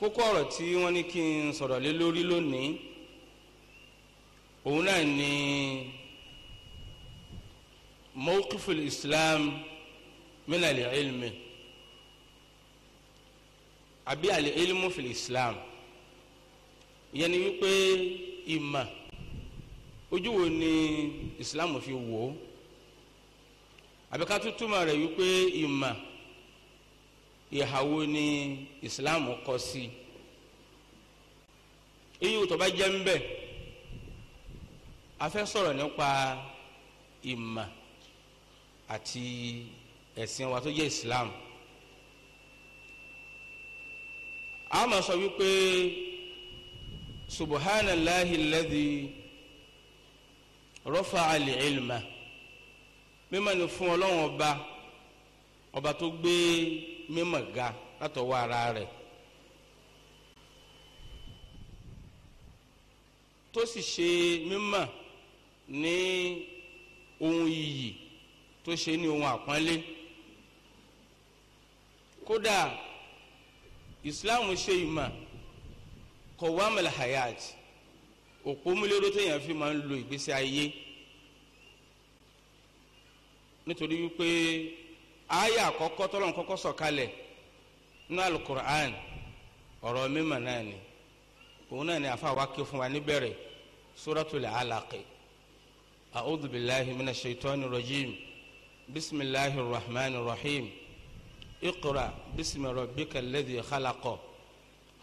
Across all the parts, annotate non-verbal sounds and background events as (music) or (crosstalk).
kókó ọ̀rọ̀ tí wọ́n ní kí n sọ̀rọ̀ lé lórí lónìí òun náà ni mawqiful islam min al-ilmi àbí al-ilmu fil islam ìyẹn ni wípé ìmà ojú wo ni islam fi wò ó àbí ká tún wípé ìmà ìhàwó ni islam kọ sí iyì tó bá jẹ́ ń bẹ̀ a fẹ́ sọ̀rọ̀ nípa ìmà àti ẹ̀sìn wa tó jẹ́ islam a máa sọ wípé subhanallahi alladhi rafa'a al-ilma mímọ́ ni fún ọlọ́run ọba ọba tó gbé mímọ̀ ga látọwọ́ ara rẹ̀ tó sì ṣe mímọ̀ ní ohun iyì tó ṣe ní ohun àpọ́nlé kódà ìsìláàmù ṣe ìmọ̀ kọ̀wámẹ̀lẹ̀ hayat òpómúlérò téèyàn fi máa ń lo ìgbésí ayé nítorí wípé aya àkọ́kọ́ tọ́lọ́n kọ́kọ́ sọ̀kalẹ̀ nínú alukur'an ọ̀rọ̀ mímọ̀ náà ni òun náà ni àfa wa ké fún wa níbẹ̀rẹ̀ suratul alaqi a'udhu billahi minash shaitani rajim bisimilahi rahman rahim iqra bisimi rabbika alladhi khalaqa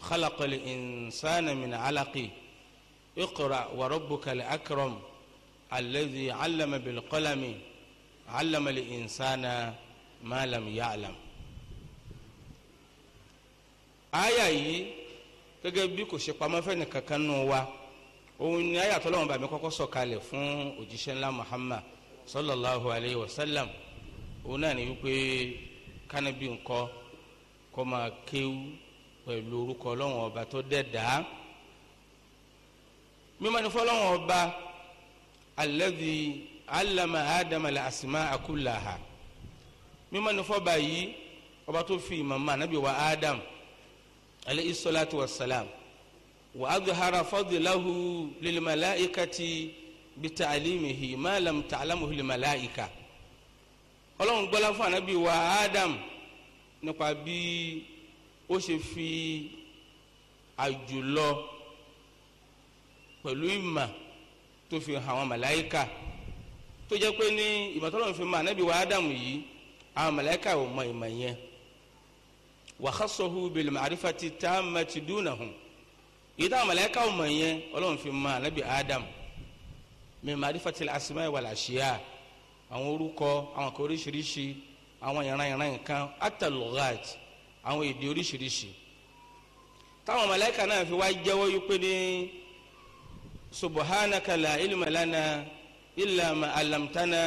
khalaqal insana min alaqi iqra wa rabbuka akram alladhi allama bil qalami allama al malam yaalam aya yìí gẹ́gẹ́ bí kò ṣe pamọ́ fẹ́ni kankan nù wa òun ni aya tọ́lọ́wọ́n bàmí kọ́kọ́ sọ̀kalẹ̀ fún òjíṣẹ́ ńlá muhammad sallallahu alayhi wa sallam òun náà ni wípé kánábì ńkọ́ kó máa kéwú pẹ̀lú orúkọ ọlọ́wọ́n ọba tó dẹ̀dá mímọ́ ni fọlọ́wọ́n ọba alladhi allama adama la asmaa kullaha mímọ́ ní fọ́ba yìí ọba tó fi ìmọ̀mọ́ ànábì wa Adam alayhi salatu wa salam wa adhara fadlahu lil malaikati bi ta'limihi ma lam ta'lamuhu lil malaika ọlọ́run gbọ́lá fún ànábì wa Adam nípa bí ó ṣe fi àjùlọ pẹ̀lú ìmọ̀ tó fi hàn àwọn màláìka tó jẹ́ pé ní ìmọ̀ tọ́lọ́run fi wa Adam yìí àwọn màláíkà ò mọ ìmọ̀ yẹn wa khassahu bil ma'rifati tammati dunahum yìí táwọn màláíkà ò mọ yẹn ọlọ́run fi mọ ànábì Adam min ma'rifati al-asma'i wal ashiya àwọn orúkọ àwọn kan oríṣiríṣi àwọn ìran nǹkan hatta àwọn èdè oríṣiríṣi táwọn màláíkà náà fi wá jẹ́wọ́ yí pé ní subhanaka la ilma lana alamtana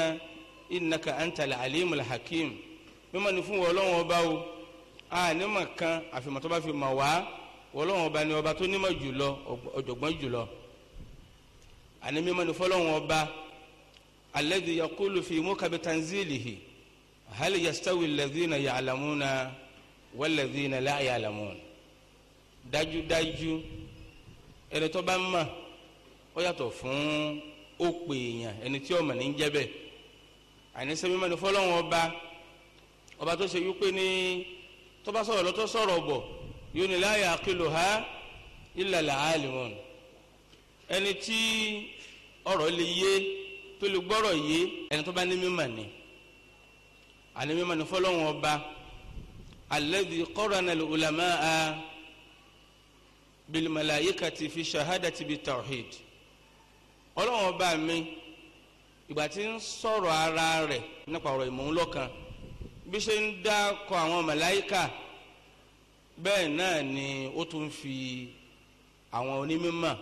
innaka antal alimul hakim mímọ̀ ní fún Ọlọ́hun ọba o a ní mọ̀ kan àfìmọ̀ tó bá fi mọ̀ wá Ọlọ́hun ọba ni ọba tó nímọ̀ jùlọ ọ̀jọ̀gbọ́n jùlọ àní mímọ̀ ní fọlọ́hun ọba alladhi yaqulu fi mukabi tanzilihi hal yastawi alladhina ya'lamuna walladhina la dájúdájú ẹni tó bá mọ̀ ó yàtọ̀ fún ó pè èèyàn ẹni tí ó mọ̀ ní jẹ́ bẹ́ẹ̀ àníṣe mímọ́ ni fọlọ́run ọba ọba tó ṣe wípé ní tó bá sọ̀rọ̀ lọ́tọ́ sọ̀rọ̀ bọ̀ yóò ní la yaqiluha illa al-alimun ẹni tí ọ̀rọ̀ lè yé tó lè gbọ́rọ̀ yé ẹni tó bá ní mímọ̀ ni àní mímọ̀ ni fọlọ́run ọba alladhi qarana al-ulama'a bil-malaikati fi shahadati bit-tawhid ọlọ́run ọba mi ìgbà tí ń sọ̀rọ̀ ara rẹ̀ nípa ọ̀rọ̀ ìmọ̀ọ́lọ́kan bí ṣe ń dá kọ àwọn màláíkà bẹ́ẹ̀ náà ni ó tún fi àwọn onímọ̀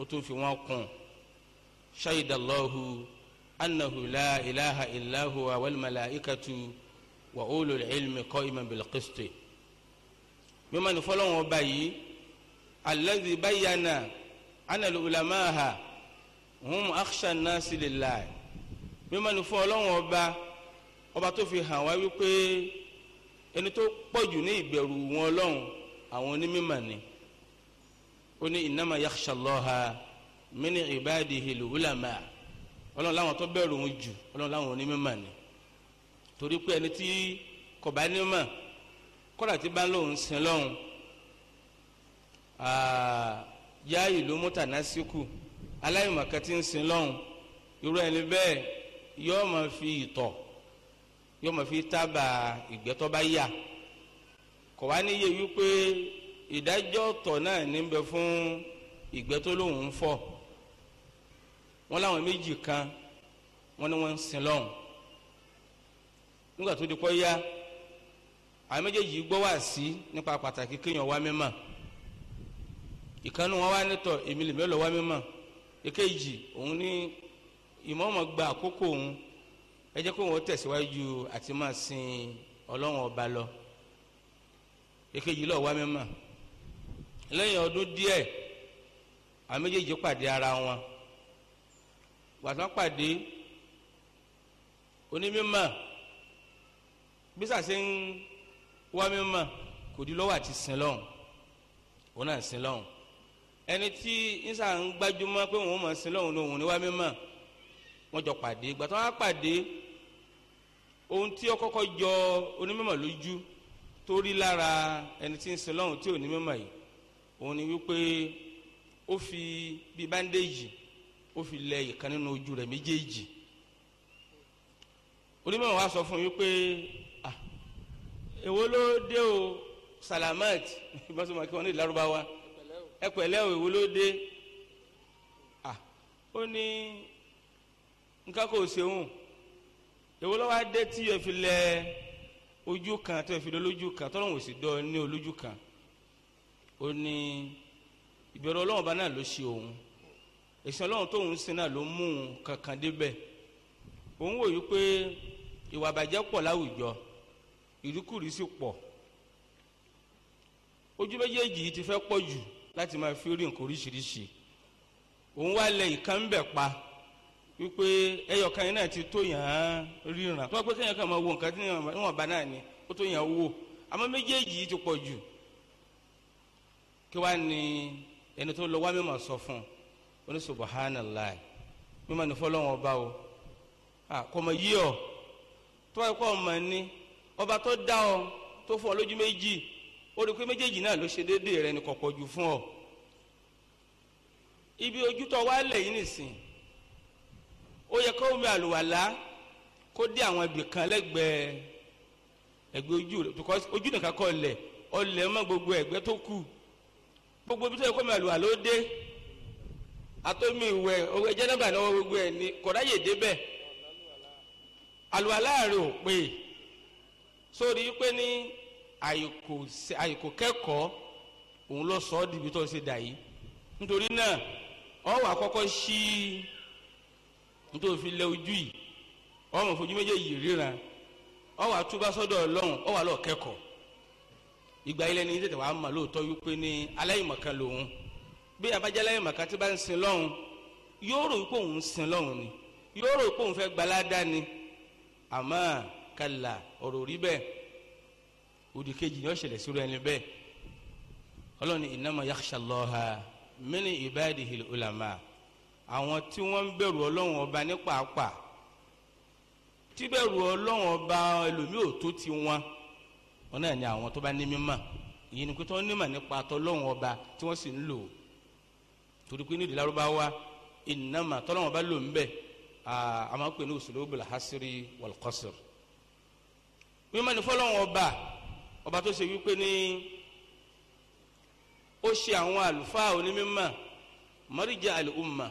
ó tún fi wọ́n kún ṣayidallahu annahu la ilaha illahu awal malaikatu wa ulul ilmi qa'iman bil qisti mímọ́ ní fọlọ́wọ́n ọba yìí alladhi bayyana anna ulamaha hum akhsha nasi lillahi mímọ́ ni fún ọlọ́run ọba ọba tó fi hàn wá wípé ẹni tó pọ̀jù ní ìbẹ̀rù wọn ọlọ́run àwọn onímọ̀ ni ó ní innama yakhsha Allaha min ibadihil ulama ọlọ́run láwọn tó bẹ̀rù wọn jù ọlọ́run láwọn onímọ̀ ni torí pé ẹni tí kò bá nímọ̀ kọ́dà tí bá lóun sin lọ́hùn yá ìlú mútànásíkù aláìmọ̀kan tí ń sin lọ́hùn irú ẹni bẹ́ẹ̀ yóò máa fi ìtọ̀ yóò máa fi tábà ìgbẹ́ tó bá yà kò wá níyè wípé ìdájọ́ tọ̀ náà níbẹ̀ fún ìgbẹ́ tó lóun ń fọ̀ wọ́n láwọn méjì kan wọ́n ní wọ́n ń sin lọ́hùn nígbà tó di kọ́ yá àwọn méjèèjì gbọ́ wá sí nípa pàtàkì kéèyàn wá mímọ́ ìkànnì wọn wá nítọ̀ èmi lèmi lọ wá mímọ́ èkejì òun ní ìmọ̀ọ́mọ̀ gba àkókò òun ẹ jẹ́ kó wọn tẹ̀síwájú àti máa sin ọlọ́run ọba lọ èkejì lọ́ọ́ wá mímọ́ lẹ́yìn ọdún díẹ̀ àwọn méjèèjì pàdé ara wọn wàtán pàdé onímọ̀ bísà ń wá mímọ̀ kò di lọ́wọ́ àti sin lọ́hùn òun náà sin lọ́hùn ẹni tí ń sà ń gbájúmọ́ pé òun mọ̀ sin lọ́hùn lòun ní wá mímọ̀ wọ́n jọ pàdé ìgbà tó wá pàdé ohun tí ó kọ́kọ́ jọ onímọ̀ lójú tó rí lára ẹni tí ń sin lọ́hùn tí ò ní mímọ̀ yìí òun ni wípé ó fi bíi báńdéèjì ó fi lẹ ìkan nínú ojú rẹ̀ méjèèjì onímọ̀ wa sọ fún wípé ah èwo ló dé o salamat ìbáṣepọ̀ (laughs) máa kí wọ́n ní ìlárúbáwá ẹ pẹ̀lẹ́ o èwo ló dé ah ó ní nǹkan kò ṣeun èwo lọ́wọ́ adé tí o fi lẹ ojú kan tí o fi lẹ olójú kan tọ́lọ́wọ́n sì dọ́ ní olójú kan ó ní ìbẹ̀rù ọlọ́wọ́n bá náà ló ṣe òun ẹ̀sìn ọlọ́wọ́n tóun sin náà ló mú un kankan débẹ̀ òun wòye pé ìwà àbàjẹ́ pọ̀ láwùjọ ìdúkùrìsì pọ̀ ojú méjèèjì yìí ti fẹ́ pọ̀ jù láti máa fi rí nǹkan oríṣiríṣi òun wá lẹ ìkan bẹ̀ pa wípé ẹyọkan yìí náà ti tó yàn án ríran tó wá pé kéèyàn kàn máa wo nǹkan tí wọn bá náà ni ó tó yàn án wò àmọ́ méjèèjì yìí ti pọ̀ jù kí wàá ní ẹni tó lọ wá mímọ̀ sọ fún un ó ní subahánàlá mímọ̀ ní fọlọ́wọ́n ọba o kò mọ̀ yí ọ tó wá kọ́ ọmọ ni ọba tó dá ọ tó fún ọ lójú méjì ó rí pé méjèèjì náà ló ṣe déédéé rẹ ní kọ̀pọ̀ jù fún ọ ibi ojútọ̀ wá yìí nìsín ó yẹ kó omi àlùwàlá kó dé àwọn ibì kan lẹ́gbẹ̀ẹ́ ojú rẹ̀ because ojú nìkan gbogbo egbe tó kù gbogbo ibi tó yẹ kó omi àlùwàlá ó dé atomi ìwẹ̀ owó jẹ́nẹ́bà náà gbogbo ẹ̀ ní kọ̀dáyè débẹ̀ àlùwàlá rẹ̀ ò ni sórí pé ní àìkò kẹ́kọ̀ọ́ òun ló sọ ọ́ tó ń ọ wà kọ́kọ́ nítorí òfin lẹ ojú yìí ọmọ òfojú méjèèjì ríran ọwọ àtúbà sọ́dọ̀ Ọlọ́run ọwọ àlọ kẹ́kọ̀ọ́ ìgbà ilẹ̀ ní tètè wàá mà lóòótọ́ wípé ní aláìmọ̀kan lòun bí abájá aláìmọ̀kan tí bá ń sin lọ́hùn yóò rò wípé òun ń sin lọ́hùn ni yóò rò wípé òun gbalada ni àmọ́ kàlà ọ̀rọ̀ rí bẹ́ẹ̀ òdì kejì ni ó sí àwọn tí wọ́n ń bẹ̀rù ọlọ́run ọba ní pàápàá tí bẹ̀rù ọlọ́run ọba ẹlòmíì ò tó ti wọn wọn náà ni àwọn tó bá ní mímọ̀ ìyẹn ni pé tí wọ́n nímọ̀ nípa tọ́lọ́run ọba tí wọ́n sì ń lò torí pé nídìí lárúbáwá ìnáma tọ́lọ́run ọba lò ń bẹ̀ a máa ń pè ní usulubul hasri wal qasr mímọ̀ ní fọ́lọ́run ọba ọba tó ṣe wípé ní ó ṣe àwọn àlùfáà onímọ̀ mọ́ríjà àlùmọ̀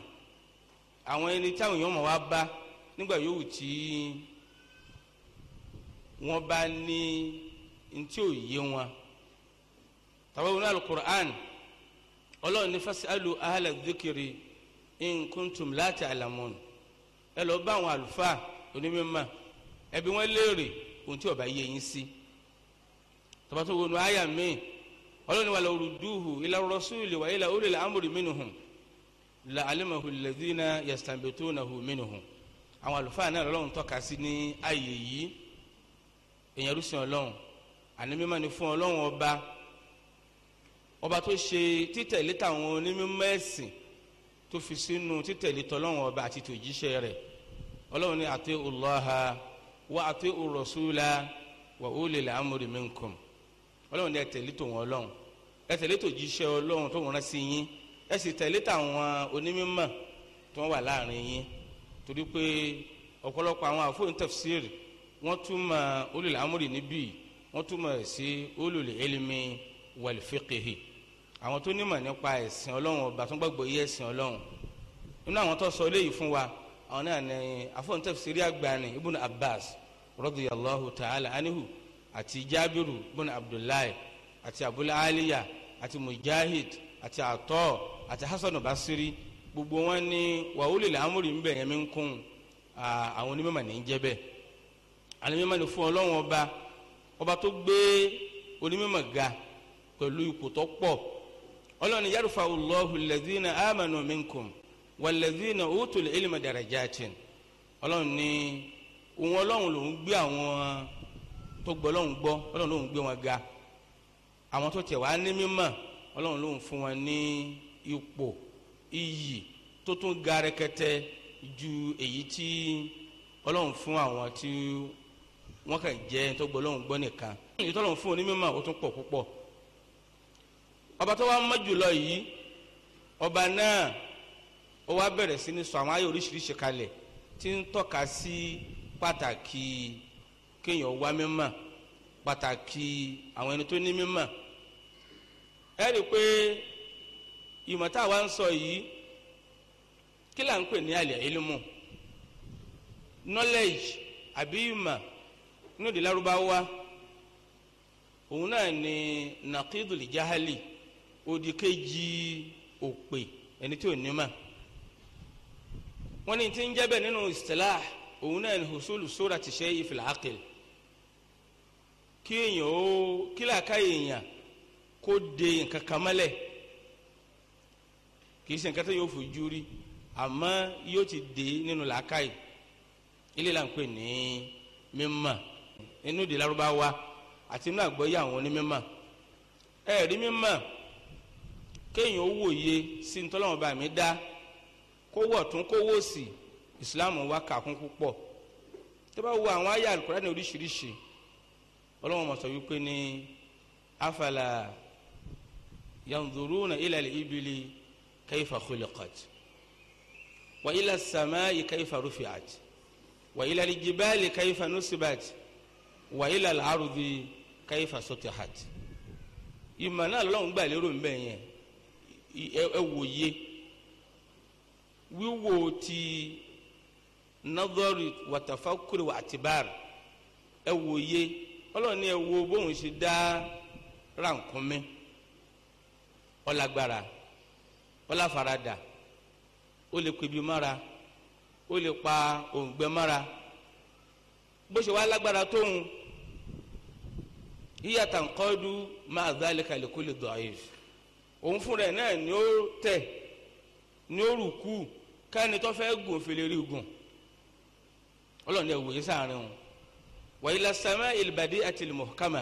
àwọn ẹni táwọn èèyàn mọ̀ wá bá nígbà yòówù tí wọ́n bá ní ntí ò yé wọn tàbí wọn alukur'an ọlọ́run ní fasalu ahala dhikri in kuntum la ta'lamun ẹ lọ bá àwọn àlùfáà onímọ̀ ẹbí wọn léèrè ohun tí ó bá yé yín sí tàbí wọn wọnú àyà mi ọlọ́run wà lọ́rùdúhù ila rasuli wa ila ulil amri minhum la alimahu ladina yastanbitunahu minhu àwọn àlùfáà náà lọ́lọ́run tọ́ka sí ní ààyè yìí èèyàn rúṣin ọlọ́run ànímímọ́ ni fún ọlọ́run ọba ọba tó ṣe títẹ̀lé táwọn onímọ̀ ẹ̀sìn tó fi sínú títẹ̀lé tọ́lọ́run ọba àti tòjíṣẹ́ rẹ̀ ọlọ́run ní àti ọlọ́ha wà àti ọrọ̀súlá wà ó lè láàmúrì minkum ọlọ́run ní ẹ tẹ̀lé tòun ọlọ́run ẹ tẹ̀lé tòjíṣẹ́ ọlọ́run tó wọ́n rán sí yín ẹ sì tẹ̀lé tàwọn onímọ̀ tó wà láàrin yín torí pé ọ̀pọ̀lọpọ̀ àwọn àfọ̀n tafsir wọ́n túmọ̀ ulul amri níbí wọ́n túmọ̀ sí ulul ilmi wal fiqhi àwọn tó nímọ̀ nípa ẹ̀sìn ọlọ́run ọba tó gbàgbọ́ iye ẹ̀sìn ọlọ́run nínú àwọn tó sọ eléyìí fún wa àwọn náà ní àfọ̀n tafsir àgbàni ibùn abbas radiyallahu ta'ala anihu àti jabiru ibùn abdullahi àti abul aliya àti mujahid àti atọ́ọ̀ àti hasan basiri gbogbo wọn siri wàhálì làmúrì ń bẹ yẹn mi ń kún àwọn onímọ̀ ní jẹ́ bẹ́ẹ̀ àlẹ́mímọ̀ fún ọba ọba tó gbé ga pẹ̀lú ipò tó pọ̀ ọlọ́run yarfa Allahu alladhina amanu minkum walladhina utul ilma darajatin ọlọ́run ní òun ọlọ́run lòún gbé àwọn tó gbọ́ ọlọ́run gbọ́ ọlọ́run gbé wọn ga àwọn tó tẹ̀ wá ní mímọ̀ ọlọ́run fún wọn ipò iyì tó tún ga rẹkẹtẹ ju èyí tí ọlọ́run fún àwọn tí wọ́n kàn jẹ́ tó gbọ́ ọlọ́run gbọ́ nìkan èyí tó ọlọ́run fún onímọ̀ ó tún pọ̀ púpọ̀ ọba tó wá mọ́ jùlọ yìí ọba náà ó wá bẹ̀rẹ̀ sí ní sọ àwọn ayé oríṣiríṣi kalẹ̀ tí ń tọ́ka sí pàtàkì kéèyàn wá mímọ̀ pàtàkì àwọn ẹni tó ní mímọ̀ ẹ rí i pé ìmọ̀ tá a wá ń sọ yìí kí là ń pè ní àlẹ́ ìlúmọ̀ knowledge àbí ìmọ̀ ní òde lárúbáwá jahali òdì kejì òpè ẹni tí ò ní mà wọ́n ti ń jẹ́ bẹ́ẹ̀ nínú istilah òun náà ni husulu surati shay'i fil aqil kí èèyàn ó kí làákà de nǹkan kì í ṣe nǹkan tó yóò fojú rí àmọ́ yóò ti dé nínú làákàyè ilé la ń pè ní mímọ̀ inú ìdè lárúbáwá àti inú àgbọ́yé àwọn onímọ̀ ẹ rí mímọ̀ kéèyàn ó wòye sí ní tọ́lọ́wọ́n bá mi dá kó wọ̀ tún kó wò sí ìsìláàmù wa kàkún púpọ̀ tó bá wo àwọn àyà Al-Kùránì oríṣiríṣi ọlọ́wọ́n mọ̀ sọ wípé ní afala yanzuruna ila al-ibili kayfa khuliqat wa ila samaa'i kayfa rufi'at wa ila aljibali kayfa nusibat wa ila alardi kayfa sutihat ìmọ̀ náà lọ́n gbà lérò ń bẹ̀ yẹn ẹ wòye wíwò ti nadhari wa tafakkuri wa atibar ẹ wòye ọlọ́run ni ẹ wo bóun ṣe dá ránkúnmí ọlágbára ó farada ó lè pebi mára ó lè pa òǹgbẹ mára bó ṣe wá lágbára tóun yíyàtà nkọ́dú máa zálika likuli da'if òun fúnra ẹ̀ náà ni ó tẹ̀ ni ó rù kú káni tó fẹ́ gùn fèlè rí gùn ọlọ́ni ẹ̀ wòye sáàrin o wàyí la sàmà ìlbàdí àti ìlmọ̀kàmà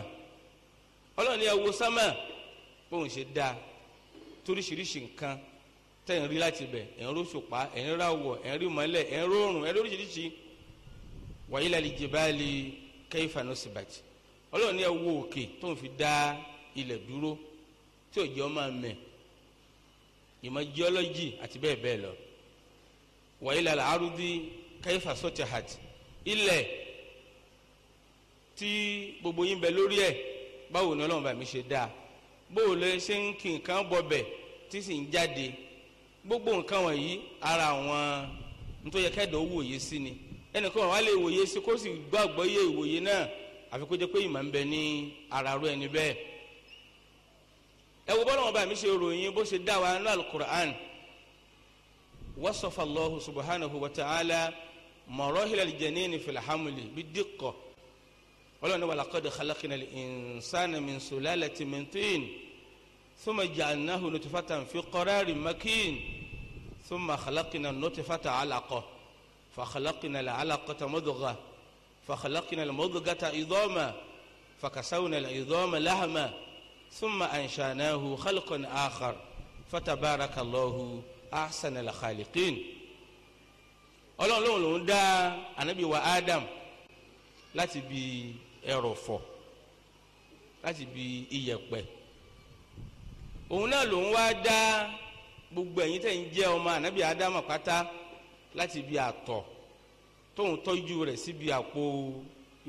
ọlọ́ni ẹ̀ wò sàmà bóun ṣe dáa toríṣiríṣi nǹkan tẹ̀ ń rí láti bẹ̀ ẹ̀ ń róṣùpá ẹ̀ ń ráwọ̀ ẹ̀ ń rí mọ́lẹ̀ ẹ̀ ń rórùn ẹ̀ ń lóríṣiríṣi wàyí lálẹ́ jìbáàlì kẹ́yìfà náà síbàtì ọlọ́run ní ẹ wo òkè tó ń fi dá ilẹ̀ dúró tí òjò máa mẹ̀ ìmọ̀ jíọ́lọ́jì àti bẹ́ẹ̀ bẹ́ẹ̀ lọ wàyí lálẹ́ arúdí kẹ́yìfà sọ́tì hàtì ilẹ̀ tí gbogbo yín bẹ lórí ẹ̀ báwo ni ọlọ́run bá mi ṣe dáa bóòlù ẹ ṣe ń kí nǹkan bọ̀ bẹ̀ tí sì ń jáde gbogbo nǹkan wọ̀nyí ara àwọn nítorí kẹ́dọ̀ ó wòye sí ni ẹnìkan wà lè wòye sí kó sì gbàgbọ́ yé ìwòye náà àfi kó jẹ́ pé ìmọ̀ ń bẹ ní ara rú ẹni bẹ́ẹ̀ ẹ wo bọ́lá wọn bá mi ṣe ròyìn bó ṣe dá wa nínú alukur'an wasafa allahu subhanahu wa ta'ala mọ̀rọ́hìlẹ̀ jẹ̀ní ní filhamuli bí dìkọ̀ ọlọ́run ní wàlàkọ́dẹ̀ khalaqina al-insana min ثم جعلناه نطفة في قرار مكين ثم خلقنا النطفة علقة فخلقنا العلقة مضغة فخلقنا المضغة عظاما فكسونا العظام لحما ثم أنشأناه خلقا آخر فتبارك الله أحسن الخالقين ọlọ́run lòun lòun dá anabi wa adam láti bi ẹrọ̀fọ̀ láti bi iyẹ̀pẹ̀ òun náà lòun wá dá gbogbo ẹ̀yin tẹ̀ ń jẹ́ ọmọ ànábì ádámà pátá láti ibi àtọ̀ tóun tọ́jú rẹ̀ síbi àpò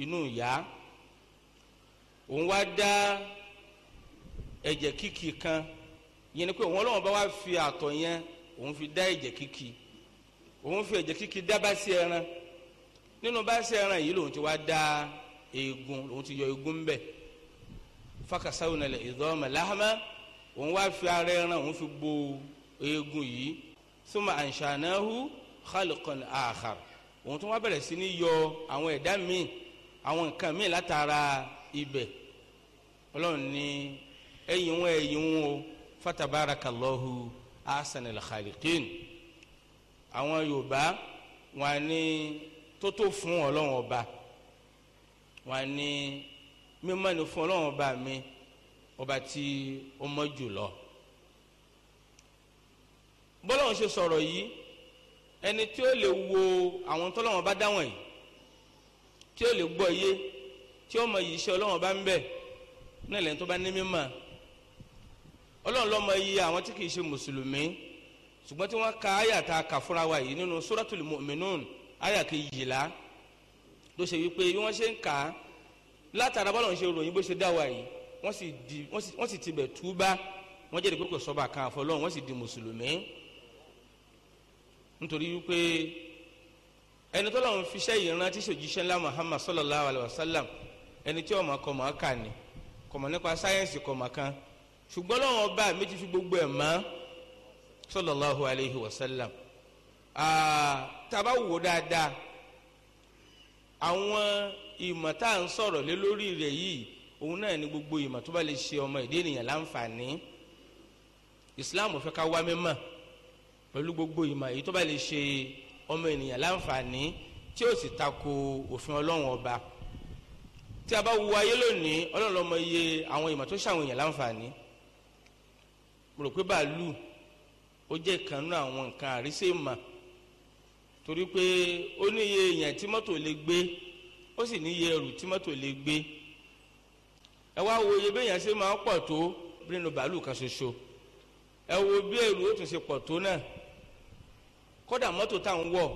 inú ìyá òun wá dá ẹ̀jẹ̀ kíkì kan yẹn ni pé òun ọlọ́run bá wá fi àtọ̀ yẹn òun fi dá ẹ̀jẹ̀ kíkì fi ẹ̀jẹ̀ kíkì dá báṣẹ ẹran nínú báṣẹ ẹran yìí lòun ti wá dá eegun lòun ti yọ eegun bẹ òun wá fi ara ẹran òun fi gbo eegun yìí suma anshanahu khalqan akhar òun tún wá bẹ̀rẹ̀ sí ní yọ àwọn ẹ̀dá míì àwọn nǹkan míì látara ibẹ̀ ọlọ́run ní ẹ̀yìn wọn ẹ̀yìn wọn o fatabarakallahu ahsanal khaliqin àwọn yorùbá wọn ní tótó fún ọlọ́run ọba wọn ní mímọ́ ni fún ọlọ́run ọba mi ọba tí ó mọ̀ jù lọ bọ́lọ́run ṣe sọ̀rọ̀ yìí ẹni tí ó lè wo àwọn tọ́lọ́run bá dáwọn yìí tí ó lè gbọ́ iye tí ó mọ iyì iṣẹ́ Ọlọ́run bá ń bẹ ní ẹ̀lẹ́ni tó bá ní mímọ̀ Ọlọ́run ló iye àwọn tí kì í ṣe mùsùlùmí ṣùgbọ́n tí wọ́n ka àyà tá a wa yìí nínú Suratul Mu'minun àyà kejìlá tó ṣe wípé bí wọ́n ṣe ń kà á látara bọ́lọ́run ṣe ròyìn bó ṣe dá wa yìí wọ́n sì di wọ́n sì tibẹ̀ túbá wọ́n jẹ́rìí pé kò sọ́ba kan àfọlọ́hún wọ́n sì di mùsùlùmí nítorí wípé ẹni tó lọ́wọ́ fi iṣẹ́ ìran tí sòjíṣẹ́ ńlá Muhammad sallallahu alayhi wa sallam ẹni tí ọmọ kọ mọ̀ ká ni kọ̀mọ̀ nípa sáyẹ́nsì kọ̀mọ̀ kan ṣùgbọ́n lọ́wọ́ ọba méjì fi gbogbo ẹ̀ mọ́ sallallahu alayhi wa sallam tàbá wò dáadáa àwọn ìmọ̀ tá à ń sọ̀rọ̀ lé lórí rẹ̀ yìí òun náà ni gbogbo ìmọ̀ tó bá lè ṣe ọmọ ìdí ènìyàn láǹfààní islam fẹ́ ká wá mímọ̀ pẹ̀lú gbogbo ìmọ̀ èyí tó bá lè ṣe ọmọ ènìyàn láǹfààní tí ó sì tako òfin ọlọ́run ọba tí a bá wo ayé lónìí ọlọ́run lọ́mọ iye àwọn ìmọ̀ tó ṣàwọn èèyàn láǹfààní rò pé bàálù ó jẹ́ ìkan nínú àwọn nǹkan àrísé ìmọ̀ torí pé ó ní iye èèyàn tí mọ́tò lè gbé ó sì ní iye ẹrù tí mọ́tò lè gbé ẹ wá wo iye bẹ́ẹ̀ yẹn ṣe máa ń pọ̀ tó nínú bàálù kan ṣoṣo ẹ wo bí èrò ó tún ṣe pọ̀ tó náà kódà mọ́tò táwọn wọ̀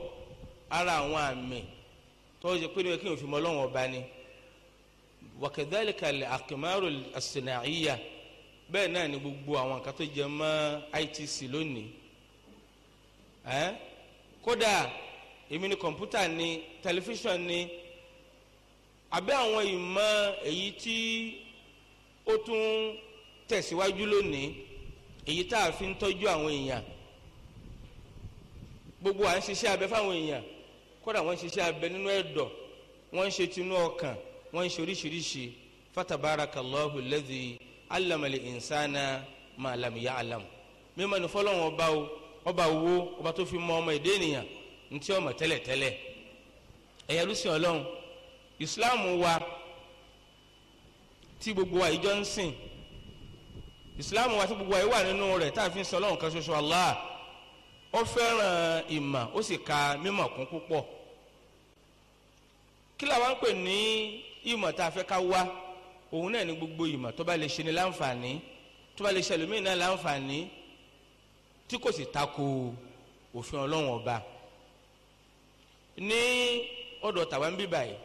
ara àwọn àmì tó ṣe pé níwèé kí n fi mọ́ lọ́wọ́ ọba ni wakadhalika al-aqmaru as-sana'iyya bẹ́ẹ̀ náà ni gbogbo àwọn nǹkan tó jẹ mọ́ ITC lónìí ẹ́ kódà èmi ni kọ̀ǹpútà ni tẹlifíṣàn ni abẹ́ àwọn ìmọ̀ èyí tí ó tún tẹ̀síwájú lónìí èyí tá a fi ń tọ́jú àwọn èèyàn gbogbo à ń ṣiṣẹ́ abẹ fáwọn èèyàn kódà wọ́n ń ṣiṣẹ́ abẹ nínú ẹ̀dọ̀ wọ́n ń ṣe tinú ọkàn wọ́n ń ṣe oríṣiríṣi fatabarakallahu lẹ́dí alamali insana malamiya alam mímọ ní fọlọ́wọ́n ọba o ọba wo ọba tó fi mọ ọmọ èdè ènìyàn ntí ọmọ tẹ́lẹ̀tẹ́lẹ̀ ẹ̀yà lùsìn ọlọ́run ìsìláàmù wa. tí gbogbo wa ìjọ ń sìn islam wa tí gbogbo wa yìí wà nínú rẹ̀ tá a fi ń sọ Ọlọ́run kan ṣoṣo Allah ó fẹ́ràn ìmọ̀ ó sì ka mímọ̀ kún púpọ̀ kí làwọn ń pè ní ìmọ̀ tá a fẹ́ ká wá òun náà ní gbogbo ìmọ̀ tó bá lè ṣe ni láǹfààní tó bá lè ṣe ẹlòmíì náà láǹfààní tí kò sì tako òfin Ọlọ́run ọba ní ọ̀dọ̀ tàwa bíbà yìí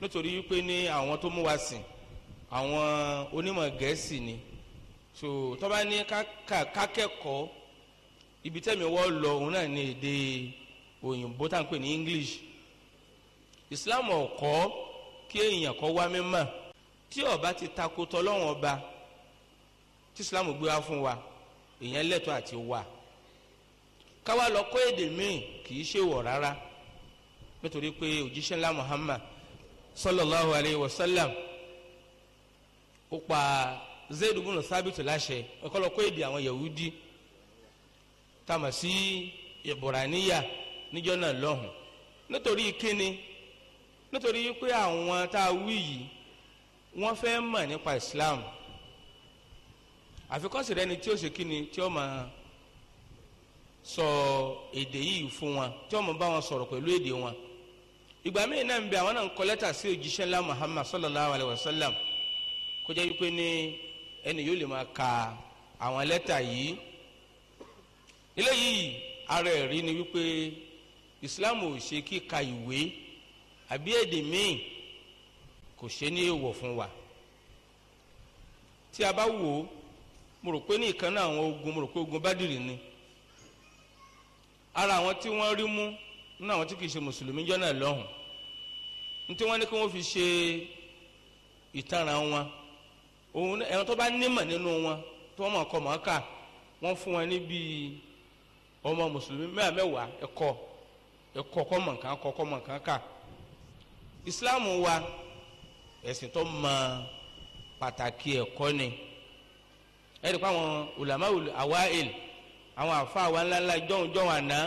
nítorí wípé ní àwọn tó mú wa sìn àwọn onímọ̀ gẹ̀ẹ́sì ni so tọ́ba ní kákẹ́kọ̀ọ́ ibi tẹ́mi wọ́ lọ òun náà ní èdè òyìnbó tá à ń pè ní English Islam ọ̀kọ́ kí èèyàn kọ́ wá mímọ̀ tí ọba ti tako tọlọ́wọ́n ọba tí Islam gbé wá fún wa èèyàn lẹ́tọ̀ọ́ àti wà káwa lọ kọ́ èdè míì kì í ṣe wọ̀ rárá nítorí pé òjíṣẹ́ ńlá Muhammad sallallahu alayhi wa sallam ó pa zayidu bùnú sábìtì láṣẹ ọkọlọ kó èdè àwọn yahudi tàmà sí ìbùràníyà níjọ náà lọ́hùn nítorí kíni nítorí pé àwọn tá a wí yìí wọ́n fẹ́ mọ̀ nípa islam àfikọ́sí rẹ ni tí ó ṣe kíni tí ó máa sọ èdè yìí fún wọn tí ó máa bá wọn sọ̀rọ̀ pẹ̀lú èdè wọn ìgbà míì náà ń bẹ àwọn náà ń kọ lẹ́tà sí òjíṣẹ́ ńlá muhammad sallallahu alayhi wa sallam kó jẹ́ wípé ní ẹni yóò lè máa ka àwọn lẹ́tà yìí eléyìí ara ẹ̀rí ni wípé islam ò ṣe kíka ìwé àbí èdè míì kò ṣe ní èèwọ̀ fún wa tí a bá wò ó mo rò pé ní ìkan náà àwọn ogun mo rò pé ogun bádìrì ni ara àwọn tí wọ́n rí mú nínú àwọn tí kì í ṣe mùsùlùmí jọ́nà lọ́hùn ní tí wọ́n ní kí wọ́n fi ṣe ìtanràn wọn òun ẹ̀wọ̀n tó bá nímọ̀ nínú wọn tí wọ́n mọ̀ ọkọ̀ mọ̀ ká wọ́n fún wọn ní bíi ọmọ mùsùlùmí mẹ́wàá mẹ́wàá ẹ̀kọ́ ẹ̀kọ́ kọ́ mọ̀ nǹkan kọ́ mọ̀ nǹkan ká ìsìláàmù wa ẹ̀sìn tó mọ pàtàkì ẹ̀kọ́ ni ẹ̀rí pa àwọn ulamaul awail àwọn àfa àwa ńláńlá jọ̀hún jọ̀hún àná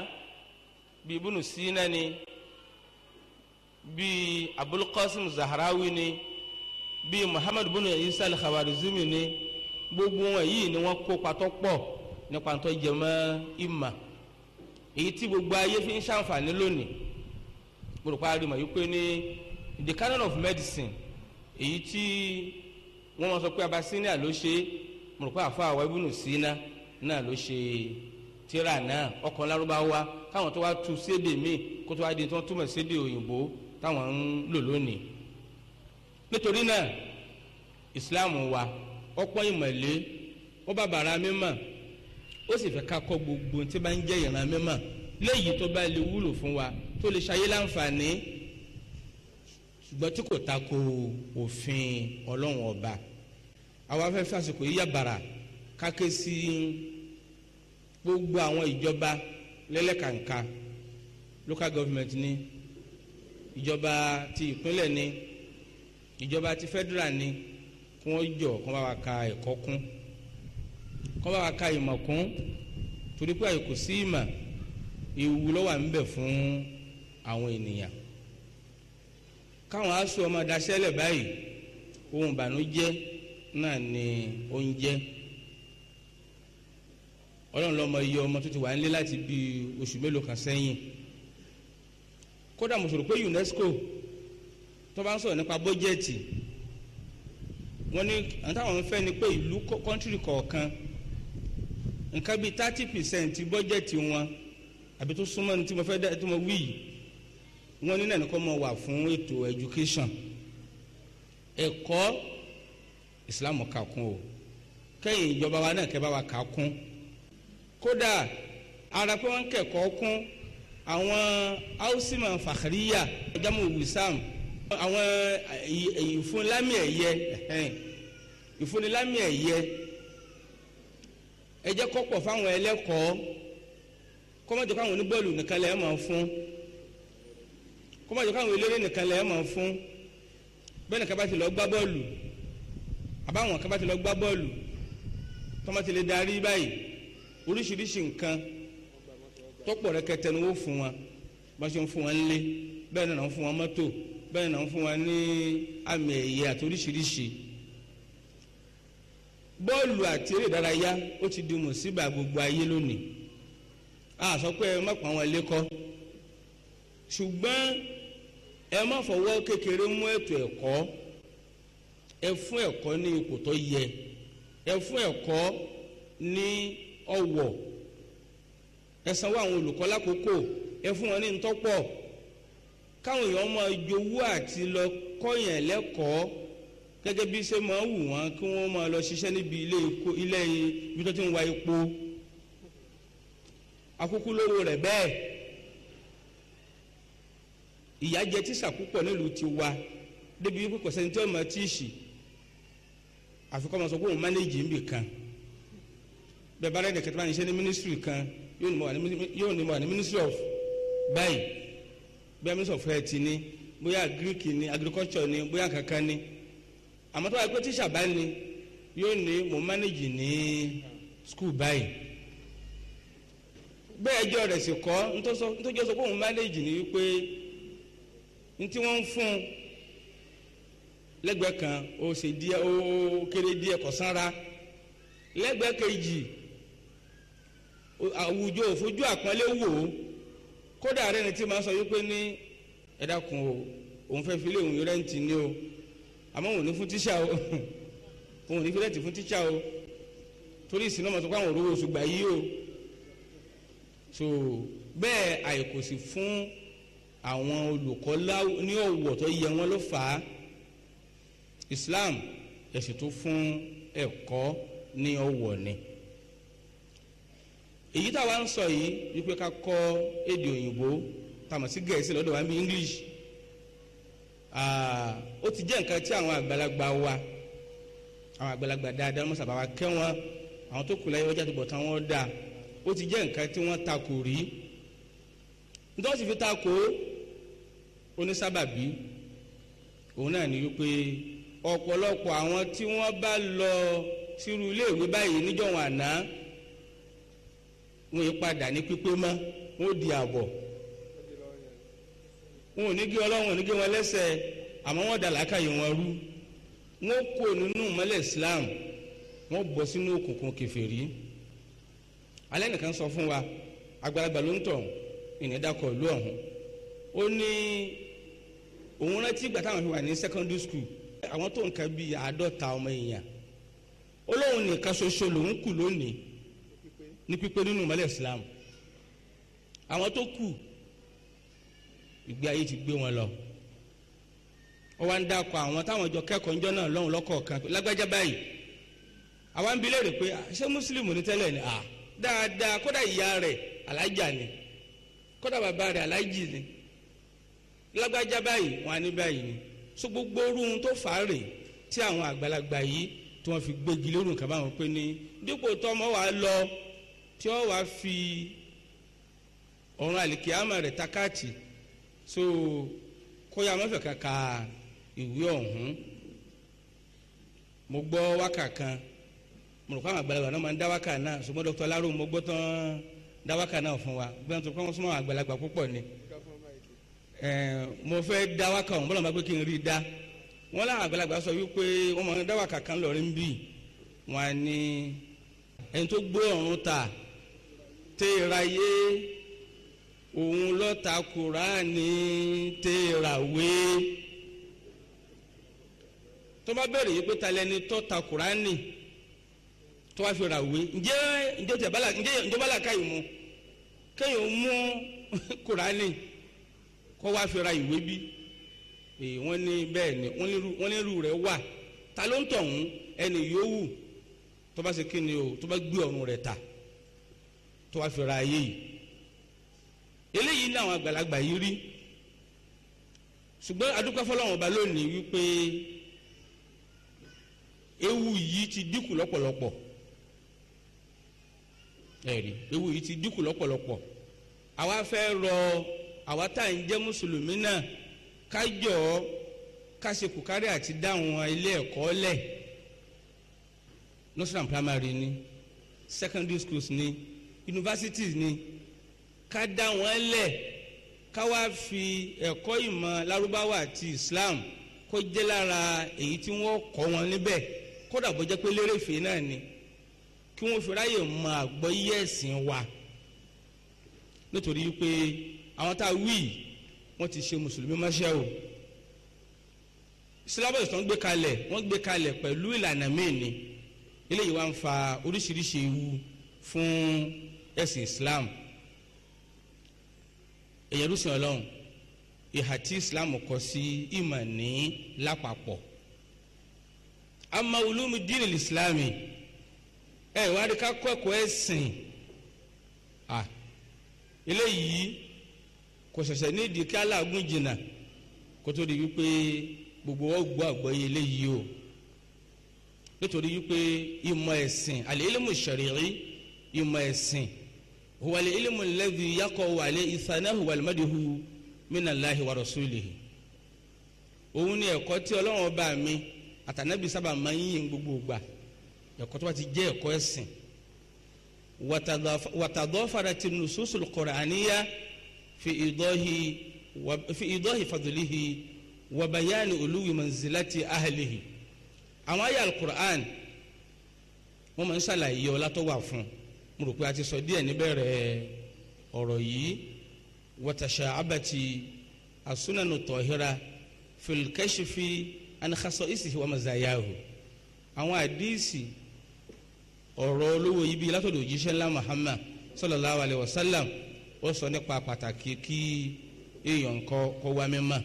bíi ibùnú sínà ni bíi abul qasim zahrawi ni bíi muhammad bin isa al-khawarizmi ni gbogbo wọn yìí ni wọ́n kó patọ́ pọ̀ nípa tó jẹmọ́ ìmọ̀ èyí tí gbogbo ayé fi ń ṣàǹfààní lónìí gbọdọ̀pá àrìmọ̀ yìí pé ní the canon of medicine èyí tí wọ́n mọ̀ sọ pé abasinia ló ṣe gbọdọ̀pá àfọ àwọn ibùnú sínà náà ló ṣe tíra náà ọkàn lárúbáwá káwọn tó wá tu sédè míì kó tó wá di tó túmọ̀ sédè òyìnbó táwọn ń lò lónìí nítorí náà islam wa ọ̀pọ̀ ìmọ̀lẹ́ ó bá bàrà mímọ̀ ó sì fẹ́ ká kọ́ gbogbo tí bá ń jẹ́ ìran mímọ̀ léyìí tó bá lè wúlò fún wa tó lè ṣayé láǹfààní ṣùgbọ́n tí kò tako òfin ọlọ́run ọba àwa fẹ́ fásitì yíyá bàrà káké sí gbogbo àwọn ìjọba lẹ́lẹ́kàǹkà local government ni ìjọba ti ìpínlẹ̀ ni ìjọba ti federal ni kí wọ́n jọ kí wọ́n bá wa ka ẹ̀kọ́ kún kí wọ́n bá wa ka ìmọ̀ kún torí pé àìkú sí ìmọ̀ ìwú lọ́wọ́ à ń bẹ̀ fún àwọn ènìyàn káwọn aṣọ ọmọ daṣẹ́lẹ̀ báyìí ohun ìbànújẹ́ náà ni oúnjẹ ọlọ́run lọ́mọ iye ọmọ tó ti wà nílé láti bíi oṣù mélòó kan sẹ́yìn kódà mo sọ̀rọ̀ pé UNESCO tó bá ń sọ̀rọ̀ nípa bọ́jẹ̀tì wọ́n ní àwọn táwọn fẹ́ ni pé ìlú kọ́ńtírì kọ̀ọ̀kan nǹkan bíi thirty percent bọ́jẹ̀tì wọn àbí tó súnmọ́ ní tí mo fẹ́ dá tí mo wí yìí wọ́n ní nàní kọ́ mọ wà fún ètò education ẹ̀kọ́ Islam kà kún o kẹ́yìn ìjọba wa náà kẹ́ bá wa kà kún kódà ara pé wọ́n ń kẹ́kọ̀ọ́ kún àwọn hausman fàkàríyà jamu wisam àwọn eh, ìfúnnilámì ẹ̀yẹ ìfúnnilámì ẹ̀yẹ ẹ jẹ́ kọ́pọ̀ fáwọn ẹlẹ́kọ̀ọ́ kọ́mọ̀jọ́ káwọn oníbọ́ọ̀lù nìkan lẹ́ẹ̀ máa fún kọ́mọ̀jọ́ káwọn eléré nìkan lẹ́ẹ̀ máa fún bẹ́ẹ̀ nìkan bá ti lọ gbá bọ́ọ̀lù àbáwọn kan bá ti lọ gbá bọ́ọ̀lù tọ́mọ ti lè darí báyìí oríṣiríṣi nǹkan tọ́pọ̀ rẹ̀kẹ̀tẹ̀ ni wọ́n fún wọn bá ṣe ń fún wọn lé bẹ́ẹ̀ náà ń fún wọn mọ́tò bẹ́ẹ̀ náà ń fún wa ní àmì ẹ̀yẹ àti oríṣiríṣi bọ́ọ̀lù àti eré ìdárayá ó ti di mùsíbà gbogbo ayé lónìí a sọ pé ẹ má pa àwọn ilé kọ́ ṣùgbọ́n ẹ má fọwọ́ kékeré mú ètò ẹ̀kọ́ ẹ fún ẹ̀kọ́ ní ipò tó yẹ ẹ fún ẹ̀kọ́ ní ọ̀wọ̀ ẹ sanwó àwọn olùkọ́ lákòókò ẹ fún wọn ní ntọ́pọ̀ káwọn èèyàn máa jowú àti lọ kọ́yàn lẹ́kọ̀ọ́ gẹ́gẹ́ bí ṣe máa wù wọ́n kí wọ́n máa lọ ṣiṣẹ́ níbi ilé epo ilé yín ibi tó ti ń wa epo akúkú lówó rẹ̀ bẹ́ẹ̀ ìyà jẹ tíṣà púpọ̀ nílùú ti wa débi wípé sẹ́ni tí ó máa tíṣì àfikọ́ máa sọ pé òun mánéjì ń bì kan bẹ́ẹ̀ bá rẹ̀ nìkan tó ní iṣẹ́ ní mínísírì kan yóò ní mo wà ní mínísírì ọ̀f báyìí bóyá minister of health ni bóyá greek ni agriculture ni bóyá kankan ni àmọ́ tó wà pé tíṣà bá ní yóò ní mo manage ní school báyìí bẹ́ẹ̀ rẹ̀ sì kọ́ nítòjọ́ sọ pé manage ni wípé ní kódà rẹ̀ ni tí màá sọ wípé ní ẹ dákun o òun fẹ́ filé òun rẹ́ǹtì ni o àmọ́ òun ní fún tíṣà o (laughs) òun ní fílẹ̀tì fún tíṣà o torí ìsìn náà mọ̀ tó pé àwọn òróró oṣù gbà o so bẹ́ẹ̀ àìkò sí fún àwọn olùkọ́ ní ọ̀wọ̀ tó yẹ wọ́n ló fà á Islam ẹ̀sìn tó fún ẹ̀kọ́ ní ọ̀wọ̀ ni èyí táwa ń sọ yìí wípé ká kọ́ èdè òyìnbó tàmọ̀ sí gẹ̀ẹ́sì lọ́dọ̀ wa ń bí english ó ti jẹ́ nǹkan tí àwọn àgbàlagbà wa àwọn àgbàlagbà dáadáa mọ̀ sábà wa kẹ́ wọn àwọn tó kù láyé ọjà tó bọ̀ tán wọ́n dà ó ti jẹ́ nǹkan tí wọ́n takò rí nítorí sì fi takò onísábàbí òun náà ni wípé ọ̀pọ̀lọpọ̀ àwọn tí wọ́n bá lọ sírú ilé báyìí níjọ́ wọn àná wọn yìí padà ní pípé mọ́ wọn ò di àbọ̀ wọn ò ní gé ọlọ́run ò ní gé wọn lẹ́sẹ̀ àmọ́ wọn dà lákàyè wọn rú wọn kó nínú mọ́lẹ̀ Islam wọn bọ̀ sínú òkùnkùn kèfèrí alẹ́ nìkan sọ fún wa àgbàlagbà ló ń tọ̀ ìnìdàkọ̀ ìlú ọ̀hún ó ní òun rántí ìgbà táwọn fi wà ní secondary school àwọn tó nǹkan bíi àádọ́ta ọmọ èèyàn olóhùn nìkan ṣoṣo lòún kù lónìí ní pípé nínú ìmọ̀lẹ̀ islam àwọn tó kù ìgbé ayé ti gbé wọn lọ wọ́n wá ń dákọ̀ àwọn táwọn jọ kẹ́kọ̀ọ́ ńjọ́ náà lọ́hùn lọ́kọ̀ọ̀kan lágbájá báyìí àwọn ń bi léèrè pé ṣé mùsùlùmù ní tẹ́lẹ̀ ni à dáadáa kódà ìyá rẹ̀ alájà ni kódà bàbá rẹ̀ alájì ni lágbájá báyìí wọn á ní báyìí ni so gbogbo orun tó fà á rè tí àwọn àgbàlagbà yìí tí wọ́n fi gbégi lórun kàbáwọn pé ní dípò tọ́mọ wàá lọ tí ó wàá fi ọ̀run àlìkíyàmà rẹ̀ takáàtì so kóyà mọ́fẹ̀ kàkà ìwé ọ̀hún mo gbọ́ wákà kan mo rò pé àwọn àgbàlagbà náà máa ń dá wákà náà ṣùgbọ́n dr laro mo gbọ́ tán dá wákà náà fún wa bí wọ́n ti kọ́ wọ́n súnmọ́ àgbàlagbà púpọ̀ ni mo fẹ́ dá wákà ọ̀hún bọ́lá máa pé kí n rí i dá wọ́n láwọn àgbàlagbà sọ wípé wọ́n máa ń dá wákà kan lọ́rin bíi wọ́n á ní ẹni tó gbé ọ̀run ta téèráyé òun lọ́ta kùránì téèràwé tó bá bẹ̀rẹ̀ yìí pé ta lẹni tó ta kùránì tó wá fi ràwé ǹjẹ́ ǹjẹ́ tẹ̀ bala ǹjẹ́ ǹjẹ́ bala káyìí mu kéèyàn mú (laughs) kùránì kó wá fi ra ìwé bí wọ́n ní bẹ́ẹ̀ ni wọ́n ní irú rẹ̀ wà ta ló ń tọ̀hún ẹni yòówù tó bá ṣe kí ni o tó bá gbé ọ̀run rẹ̀ ta tó wá fi ra ayé yìí eléyìí làwọn àgbàlagbà yìí rí ṣùgbọ́n adúpẹ́ ọba lónìí wípé ewu yìí ti dínkù lọ́pọ̀lọpọ̀ ẹ̀rí ewu yìí ti dínkù lọ́pọ̀lọpọ̀ àwa fẹ́ rọ àwa tá à ń jẹ́ mùsùlùmí náà ká jọ ká ṣe kùkárí àti dáhùn ilé ẹ̀kọ́ lẹ̀ nursery and primary ni secondary schools ni universities ni ká dá wọn lẹ̀ ká wá fi ẹ̀kọ́ ìmọ̀ lárúbáwá àti islam kó jẹ́ lára èyí tí wọ́n kọ́ wọn níbẹ̀ kódà bó jẹ́ pé lérèfé náà ni kí wọ́n fi ráyè mọ àgbọ́yé ẹ̀sìn wa nítorí pé àwọn tá a wí wọ́n ti ṣe mùsùlùmí mọ́ṣẹ́ o sílábọ̀sì tó ń gbé kalẹ̀ wọ́n gbé kalẹ̀ pẹ̀lú ìlànà míì eléyìí wá ń fa oríṣiríṣi ewu fún ẹ̀sìn islam èyàn lùsìn ọlọ́run ìhà tí islam kọ sí ìmọ̀ ní lápapọ̀ ama ulumi dín islami ẹ ìwádìí ká kọ́ ẹ̀kọ́ ẹ̀sìn à eléyìí kò ṣẹ̀ṣẹ̀ nídìí kí aláàgùn jìnnà kó tó di wípé gbogbo wọn gbọ́ àgbọ́yé eléyìí o nítorí wípé ìmọ̀ ẹ̀sìn àlè ilmu shar'i ìmọ̀ ẹ̀sìn huwal ilmu alladhi yaqa'u alayhi sanahu wal madhu minallahi wa rasulihi òun ni ẹ̀kọ́ tí Ọlọ́run ọba mi àtànábì sábà máa ń yìn gbogbo ìgbà ẹ̀kọ́ tó bá ti jẹ́ ẹ̀kọ́ ẹ̀sìn watadhafarat an-nusus al fi idahi fi idahi fadlihi wa bayani uluwi manzilati àwọn àyà al-qur'an wọ́n máa ṣàlàyé ọlá fún un mo rò pé a ti sọ díẹ̀ níbẹ̀rẹ̀ ọ̀rọ̀ yìí wàtàṣà abati asunanu tọ̀híra filkẹ́sìfì anìkasọ ìsìhì wà mazayahu àwọn àdìsí ọ̀rọ̀ olówó yìí bíi látọ̀dọ̀ òjíṣẹ́ ńlá Muhammad sallallahu alayhi wa sallam ó sọ nípa pàtàkì kí èèyàn kọ́ kọ́ wá mímọ́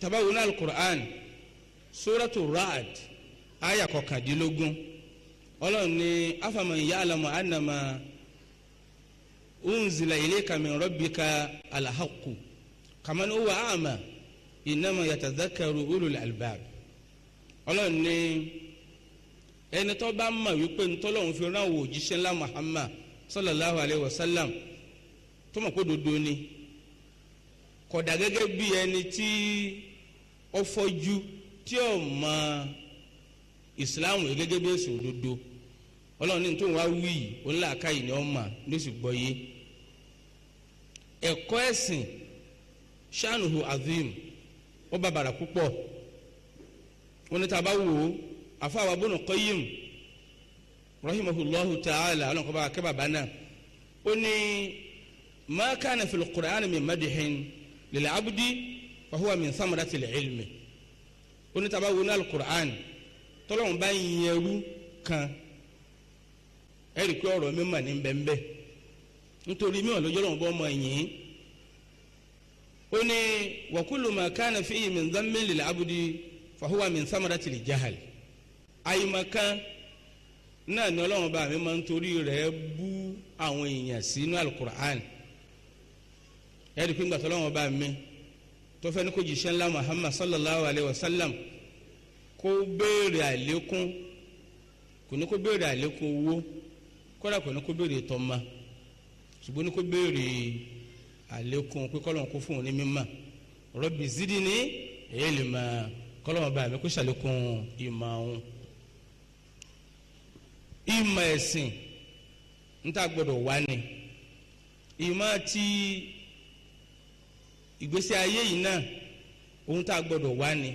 tabawuna alukur'an suratu ra'ad aya kọkàndínlógún ọlọ́run ní afaman ya'lamu annama unzila ilayka min rabbika alahaku haqqu kaman huwa a'ma innama yatadhakkaru ulul albab ọlọ́run ni ẹni tó bá mọ̀ wípé ntọ́lọ́run fi rán wò jíṣẹ́ ńlá Muhammad sallallahu alayhi wa sallam tó mọ̀ pé dodo ni kódà gẹ́gẹ́ bí ẹni tí ó tí ó mọ̀ ìsìláàmù gẹ́gẹ́ bí èsì òdodo ọlọ́run ní tó wá wí yìí onílàáká yìí ni wọ́n mà ló sì gbọ́ yé ẹ̀kọ́ ẹ̀sìn ṣáàlùhù azim ó bàbàrà púpọ̀ wọn ní tá a bá wò ó àfáwà bọ́nà kọ́yìm rahimahulahu ta'ala ọlọ́nkọ́ bá kẹ́ bàbá náà ó ní ma kana fil qur'an min madihin lil abdi fa huwa min samaratil ilmi ó ní tá a bá wò ó ní alukur'an tọ́lọ́run bá ń yẹrú kan ẹ̀rí pé ọ̀rọ̀ mi mà ní bẹ́ńbẹ́ nítorí mi ò lójó lọ́wọ́ ọmọ ẹ̀yìn ó ní wàkúlù mà kánà fi ìmì nzánmẹ́lì làbùdí fàhùwà mi nsámàdà tìlì jahal àyìmọ̀kan náà ni ọlọ́run bá mi máa ń torí rẹ̀ bú àwọn èèyàn sínú alukur'an ẹ̀rí pé ńgbàtọ́ ọlọ́run bá mi tó ní kó jíṣẹ́ ńlá Muhammad sallallahu alayhi wa sallam kó béèrè àlékún kò ní kó béèrè àlékún owó kódà kò ní kó béèrè tọ́mọ ṣùgbọ́n ní kó béèrè àlékún pé kọ́lọ́n kó fún òun ní mímọ́ rọ́bì zidi ní èyí lè mọ kọ́lọ́n bá mi kó ṣàlékún ìmọ̀ òun. ìmọ̀ ẹ̀sìn níta gbọ́dọ̀ wá ni ìmọ̀ ti ìgbésí ayé yìí náà ohun tá a gbọ́dọ̀ wá ni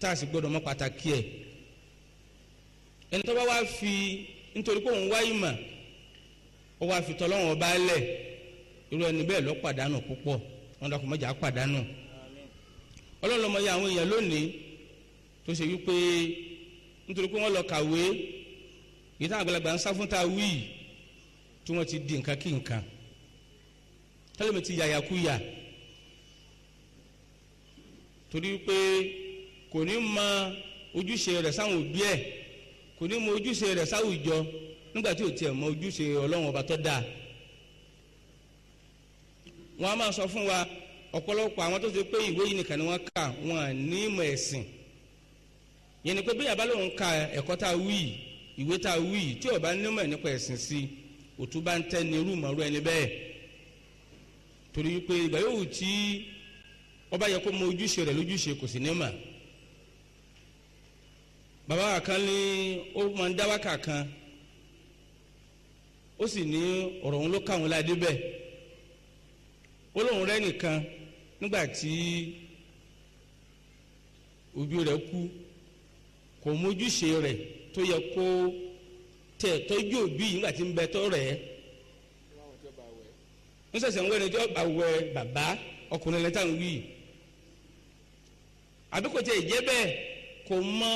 tá a sì gbọ́dọ̀ mọ̀ pàtàkì ẹ̀ ẹni tó bá wá fi nítorí pé òun wá ìmọ̀ ó wá fi tọ́lọ́wọ́n ọba lẹ̀ irú ẹni bẹ́ẹ̀ lọ pàdánù púpọ̀ wọn dàkú mọ́jà pàdánù ọlọ́lọ́mọye àwọn èèyàn lónìí tó ṣe wípé nítorí pé wọ́n lọ kàwé yìí táwọn àgbàlagbà ń sá fún ta wíì tí wọ́n ti di nǹkan kí nǹkan tẹ́lẹ̀mí ti yàyàkúyà torí pé kò ní mọ ojúṣe rẹ̀ sáwọn òbí ẹ̀ kò ní mọ ojúṣe rẹ̀ sáwùjọ nígbà tí ò tiẹ̀ mọ ojúṣe ọlọ́run ọba tó dáa wọn a máa sọ fún wa ọ̀pọ̀lọpọ̀ àwọn tó ṣe pé ìwé yìí nìkan ni wọ́n kà wọ́n ní ìmọ̀ ẹ̀sìn yẹn ni pé bí yàrá lòun ka ẹ̀kọ́ tá a wí ìwé tá a wí tí ò bá nímọ̀ nípa ẹ̀sìn sí òtún bá ń tẹ́ ní irú mọ̀ọ́rú ẹni bẹ́ẹ̀ torí pé ìgbà yóò tí ọba yẹ kó mọ ojúṣe rẹ̀ lójúṣe kò sí ní mà bàbá kan ní ó máa ń dá wákà kan ó sì ní ọ̀rọ̀ òun ló káwọn ládé bẹ́ẹ̀ ó lóun rẹ́ nìkan nígbà tí òbí rẹ̀ kú kò mójúṣe rẹ̀ tó yẹ kó tẹ̀ tọ́jú òbí yìí nígbà tí ń bẹ tọ́ rẹ̀ ń sẹ̀sẹ̀ ń wẹ́ni tí ọba wẹ bàbá ọkùnrin lẹ́tà ń wí àbí kò kò mọ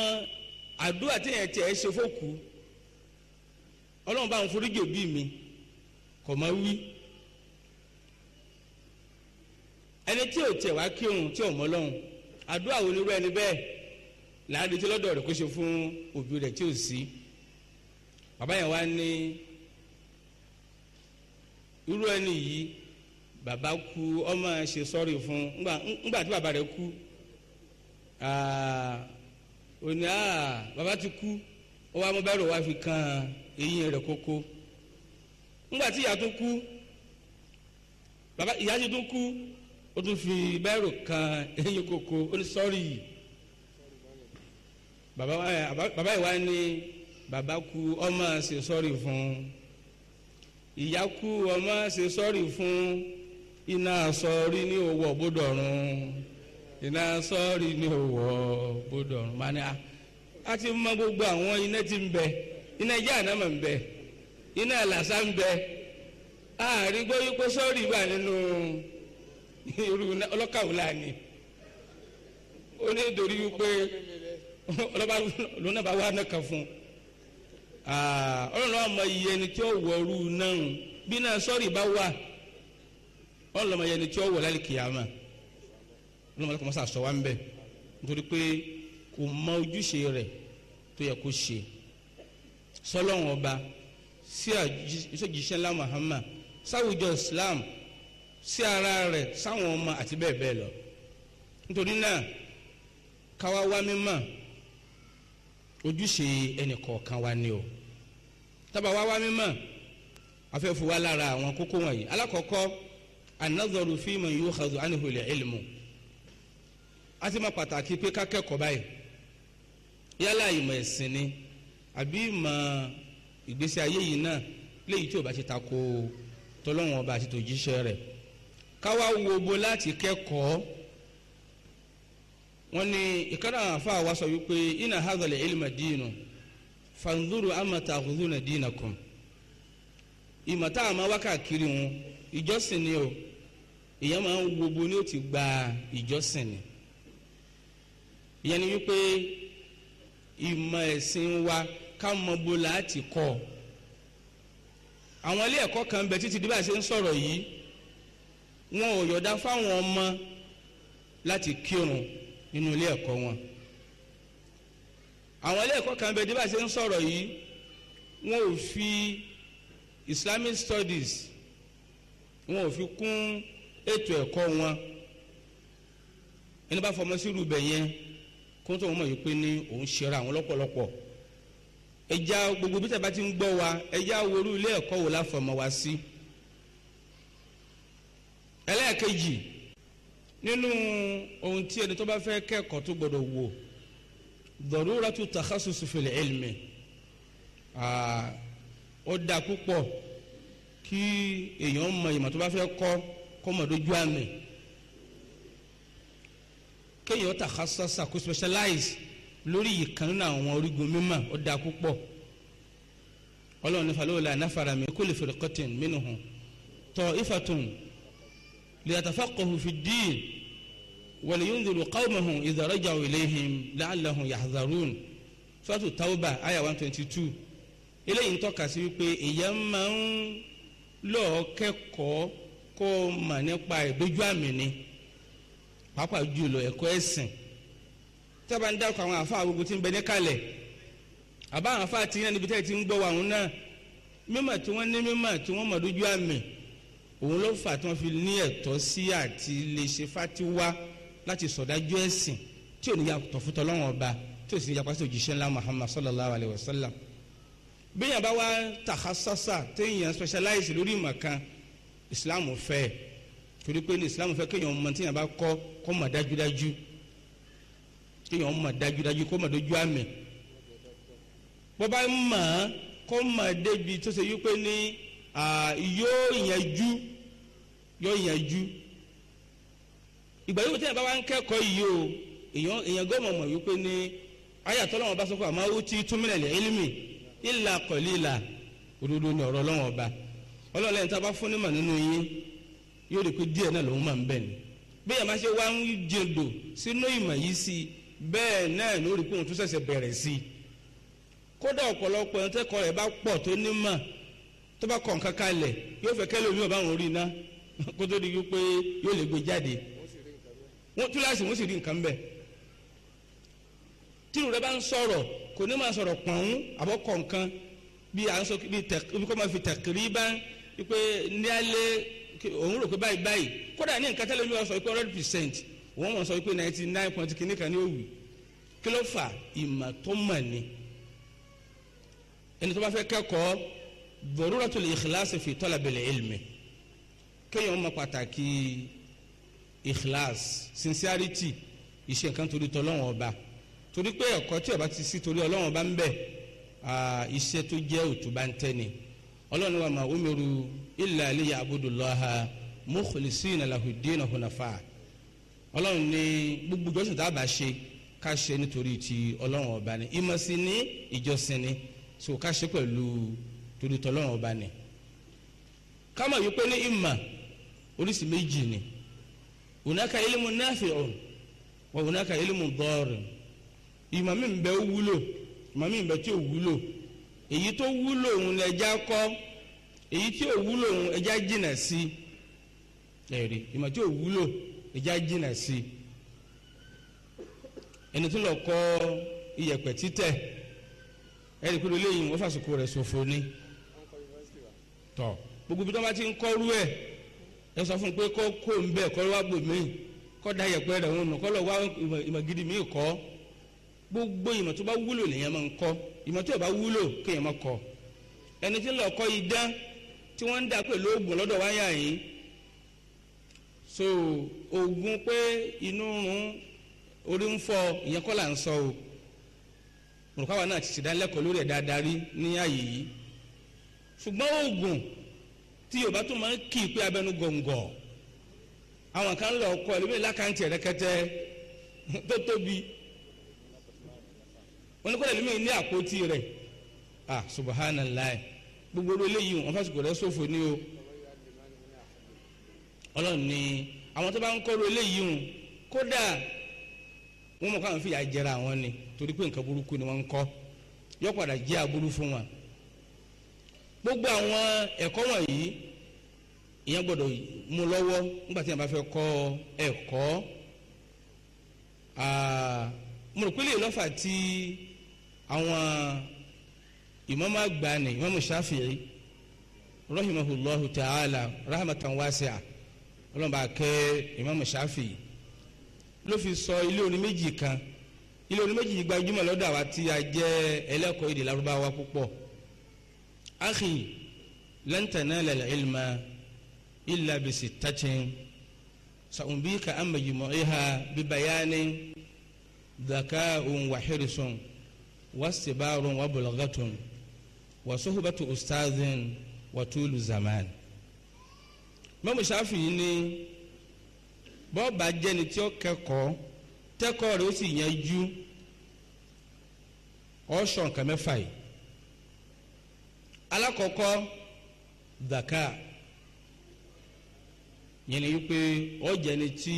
àdúrà tí yẹn tẹ̀ ẹ́ ṣe fókù ọlọ́run bá ń foríjì òbí mi kò mọ wí ẹni tí ò tẹ̀ wá kí òun tí ò mọ lọ́hùn àdúrà wo ni irú ẹni bẹ́ẹ̀ láàrin tí lọ́dọ̀ rẹ̀ kó ṣe fún òbí rẹ̀ tí ò sí bàbá yẹn wá ní irú ẹni yìí bàbá kú ọmọ ṣe sọ́ọ̀rì fún ńgbà tí bàbá rẹ̀ kú ó ní bàbá ti kú ó wá mú bẹ́rù wá fi kan eyín rẹ̀ kókó ńgbà tí ìyá tó kú bàbá ìyá tó kú ó tún fi bẹ́rù kan eyín kókó ó ní sọ́ọ̀rì eh, bàbá bàbá ìwá ni bàbá kú ọmọ ṣe sọ́ọ̀rì fún ìyá kú ọmọ ṣe sọ́ọ̀rì fún iná sọ́ọ̀rì ní owó ọ̀bọ̀dọ̀rùn iná sọ́ọ̀rì ní owó ọ̀bọ̀dọ̀rùn máa ní a a ti mọ gbogbo àwọn iná tí ń bẹ iná jahannama ń bẹ iná àlàsà ń bẹ àárín gbóyún pé sọ́ọ̀rì wà nínú irú ọlọ́kàwé láàánì ó ní ìdòrí wípé ọlọ́ba lónà bá wà nìkan fún ọlọ́run ọmọ iye ẹni tí ó wọ ọrú náà bí náà sọ́ọ̀rì bá wà ọlọ́run ọmọ iye ẹni tí ó wọ lálẹ́ kìyàmà ọlọ́run ọmọ sàṣọ wa ń bẹ nítorí pé kò mọ ojúṣe rẹ̀ tó yẹ kó ṣe sọlọ́wọ́n ọba sí àjíṣẹ́ ńlá Muhammad sáwùjọ Islam sí ara rẹ̀ sáwọn ọmọ àti bẹ́ẹ̀ bẹ́ẹ̀ lọ nítorí náà káwa wá mímọ́ ojúṣe ẹnìkọ̀ọ̀kan wa ni o tábà wá wá mímọ́ afẹ́fọ́ wa lára àwọn kókó wọ̀nyí alákọ̀ọ́kọ́ anadọ́rù fíìmù yóò xazọ́ ánìhùlẹ̀ ẹ̀lìmù àti má pàtàkì pé ká kẹ́kọ̀ọ́ báyìí yálà ìmọ̀ ẹ̀sìn ni àbí ìmọ̀ ìgbésí ayé yìí náà léyìí tí ò bá ṣe tako tọ́lọ́wọ́n ọba àti tòjíṣẹ́ rẹ̀ káwá wo bo láti kẹ́kọ̀ọ́ wọ́n ní ìkànnà àfa wa sọ wípé iná hazal ilma diinu fanzuru amata ahuzuna diinakum ìmọ̀ tá a máa wá káàkiri wọn ìjọsìn ni o ìyẹn máa ń wo bo ni ó ti gba ìjọsìn ni ìyẹn ni wípé ìmọ̀ ẹ̀sìn wa ká mọ bó láti kọ́ àwọn ilé ẹ̀kọ́ kan bẹ títí dí bá a ṣe ń sọ̀rọ̀ yìí wọn ò yọ̀dá fáwọn ọmọ láti kírun nínú ilé ẹ̀kọ́ wọn àwọn ilé ẹ̀kọ́ kan bẹ dí bá a ṣe ń sọ̀rọ̀ yìí wọn ò fi Islamic studies wọn ò fi kún ètò ẹ̀kọ́ wọn ẹni bá fọmọ sí irú bẹ̀ yẹn kó tó wọn mọ̀ yìí pé ní òun ṣera àwọn lọ́pọ̀lọpọ̀ ẹja gbogbo bí tàbá ti ń gbọ́ wa ẹja worú ilé ẹ̀kọ́ wo la fọmọ wa sí ẹlẹ́ẹ̀kejì nínú ohun tí ẹni tó bá fẹ́ kẹ́kọ̀ọ́ tó gbọdọ̀ wò daruratu takhassus fil ilmi ó da púpọ̀ kí èèyàn mọ ìmọ̀ tó bá fẹ́ kọ́ kó mọ̀ dójú àmì kéèyàn tàkásásà kó specialize lórí ìkan nínú àwọn orígun mímọ́ ó da púpọ̀ ọlọ́run nífa lóòó la náfàrà mi kó lè fèrè kọ́tìn mínú hàn tọ́ ìfàtún lìyàtàfà kọ̀hù fi dín wọlé yóò dòrò káwọn hàn ìdàrọ́jà ìléhìn láàlàhùn yàhàzàrún sọ́tù tàwùbà àyà one twenty two eléyìí ń tọ́ka sí wípé èèyàn máa ń lọ́ọ́ kẹ́kọ̀ọ́ kó mà nípa ìdójú àmì ni pàápàá jùlọ ẹ̀kọ́ ẹ̀sìn tẹ́bà ń dákọ̀ àwọn àfa àgbogbo tí ń bẹ níkàlẹ̀ àbá àwọn àfa àti yẹn níbi tẹ́ ti ń gbọ́ wa àwọn náà mímọ̀ tí wọ́n ní mímọ̀ tí wọ́n mọ̀ lójú àmì òun ló fà tí wọ́n fi ní ẹ̀tọ́ sí àti lè ṣe fatiwa láti sọ̀dájú ẹ̀sìn tí ò ní fún tọ́lọ́wọ́n ọba tí ò ní yàtọ̀ sí òjíṣẹ́ ńlá Muhammad sallallahu alayhi wa sallam bẹ́ẹ̀ yẹn bá wá tàkásásà téèyàn specialize lórí ìmọ̀ kan Islam fẹ́ẹ́ torí pé islam fẹ́ kéèyàn mọ̀ tí yàn bá kọ́ kọ́ mọ̀ dájúdájú kéèyàn mọ̀ dájúdájú kó mọ̀ dojú àmì bọ́bá mọ̀ kó mọ̀ débi tó ṣe wípé ní yóò yanjú yóò yanjú ìgbà yóò tẹ̀yàn bá wá ń kẹ́kọ̀ọ́ yìí o èèyàn èèyàn gbọ́mọ̀ mọ̀ wípé ní ayàtọ̀ lọ́wọ́ bá sọ àmọ́ ó ti túmílẹ̀ lẹ́ ilmi ìlà kọ̀lí ìlà òdodo ni ọ̀rọ̀ lọ́wọ́ ọba ọlọ́ọ̀lẹ́yìn tá a bá fún yóò rí i pé díẹ̀ náà lòun máa ń bẹ̀ ni bẹ́ẹ̀ máa ṣe wá ń jèdò sínú ìmọ̀ yìí sí i bẹ́ẹ̀ náà ló rí i pé òun tún ṣẹ̀ṣẹ̀ bẹ̀rẹ̀ sí i kódà ọ̀pọ̀lọpọ̀ ẹni tẹ́kọ̀ọ́ rẹ̀ bá pọ̀ tó nímọ̀ tó bá kọ̀ nǹkan kalẹ̀ yóò fẹ́ kẹ́lẹ́ omi ọ̀bá wọn rí iná (laughs) kó tó di pé yóò lè gbé jáde túláàsì wọ́n sì rí nǹkan bẹ́ẹ̀ tírù rẹ bá ń sọ̀rọ̀ kò ní máa sọ̀rọ̀ pọ̀n àbọ̀kọ̀ nǹkan bí à ń sọ bí kò máa fi tẹ̀kìrí bá pé ní alẹ́ òun rò pé báyìí báyìí kódà ní nǹkan tẹ́lẹ̀ mi wọ́n sọ pé hundred percent wọ́n wọ́n sọ pé ninety nine point kìíní kan ní òwì kí ló fà ìmọ̀ tó mọ̀ ni ẹni tó bá fẹ́ kẹ́kọ̀ọ́ daruratul ikhlas fi talabil ilmi kéèyàn mọ pàtàkì ikhlas sincerity ìṣe nǹkan torí tọ́lọ́wọ́n ọba torí pé ẹ̀kọ́ tí ọba ti sí torí ọlọ́wọ́n ọba ń bẹ̀ iṣẹ́ tó jẹ́ òtún bá ń tẹ́ ni ọlọ́run illa liyabudullaha mukhlisina lahu ddina hunafa ọlọ́run ní gbogbo ìjọsìn tá a bá ṣe ká ṣe nítorí ti ọlọ́run ọba ni ìmọ̀ sí ní ìjọsìn ni so ká ṣe pẹ̀lú torí tọ́lọ́run ọba ni ká mọ̀ wípé ní ìmọ̀ oríṣi méjì ni hunaka ilmu nafi'un wa hunaka ilmu darun ìmọ̀ mi ń bẹ wúlò ìmọ̀ mi ń bẹ tí ò wúlò èyí tó wúlò òun lẹ́jà kọ́ èyí tí ò wúlò ẹja jìnà sí ẹ̀rí ìmọ̀ tí ò wúlò ẹja jìnà sí ẹni tó lọ kọ iyẹ̀pẹ̀ títẹ̀ ẹni kúrò lẹ́yìn wọ́n rẹ̀ ṣòfò ni gbogbo tí wọ́n bá ti ń kọ́rú ẹ̀ ẹ sọ fún un pé kó kó ń bẹ̀ kọ́ gidi kọ́ gbogbo ìmọ̀ tó bá wúlò máa ń kọ́ ìmọ̀ tó bá wúlò kéèyàn máa kọ́ ẹni tí ń lọ kọ́ tí wọ́n ń dà pẹ̀lú oògùn lọ́dọ̀ wáyà yìí so oògùn pé inú rún orí ń fọ ìyẹn kọ́ là ń sọ o mùrùkáwá náà ti ṣèdánilẹ́kọ̀ọ́ lórí ẹ̀ dáadáa rí ní ààyè yìí ṣùgbọ́n oògùn tí yorùbá tó máa ń kì í pé abẹnú gọ̀ǹgọ̀ àwọn kan lọ kọ ẹ̀ lóbìnrin lákàntì ẹ̀rẹ́kẹ́tẹ́ tó tóbi wọn ní kọ́ ẹ̀ lóbìnrin ní àpótí rẹ̀ ah subhanallah gbogbo eléyìí wọn fásitì rẹ ṣòfò ni o ọlọ́run ni àwọn tó bá ń kọ́rọ̀ eléyìí wọn kódà wọn mọ̀ káwọn fìyà jẹra àwọn ni torí pé nǹkan burúkú ni wọ́n ń kọ́ yọ padà jẹ́ aburú fún wa gbogbo àwọn ẹ̀kọ́ wọ̀nyí ìyẹn gbọ́dọ̀ mú lọ́wọ́ nígbà tí yẹn bá fẹ́ kọ́ ẹ̀kọ́ mo lọ́fà tí àwọn ìmáàmù àgbà ni ìmáàmù Ṣáfi'í rahimahulahu ta'ala rahmatan wasi'a ọlọ́run bá kẹ́ ìmáàmù Ṣáfi'í ló fi sọ ilé orin méjì kan ilé orin méjì gbajúmọ̀ lọ́dọ̀ àwa tí a jẹ́ ẹlẹ́kọ̀ọ́ èdè Lárúbáwá púpọ̀ akhi lan tanala al-ilma illa bisittatin sa'umbika an majmu'iha bibayanin dhaka'un wa hirsun wasibarun wa bulghatun wa sohbatu ustadhin wa tulu zaman mọ́mú ṣáfìyí ni bọ́ọ̀bà jẹ́ni tí ó kẹ́kọ̀ọ́ tẹ́kọ̀ọ́ rẹ̀ ó sì yanjú ọ̀ṣọ́ nǹkan mẹ́fà yìí alákọ̀ọ́kọ́ dàkà yẹn ni wípé ó jẹ́ni tí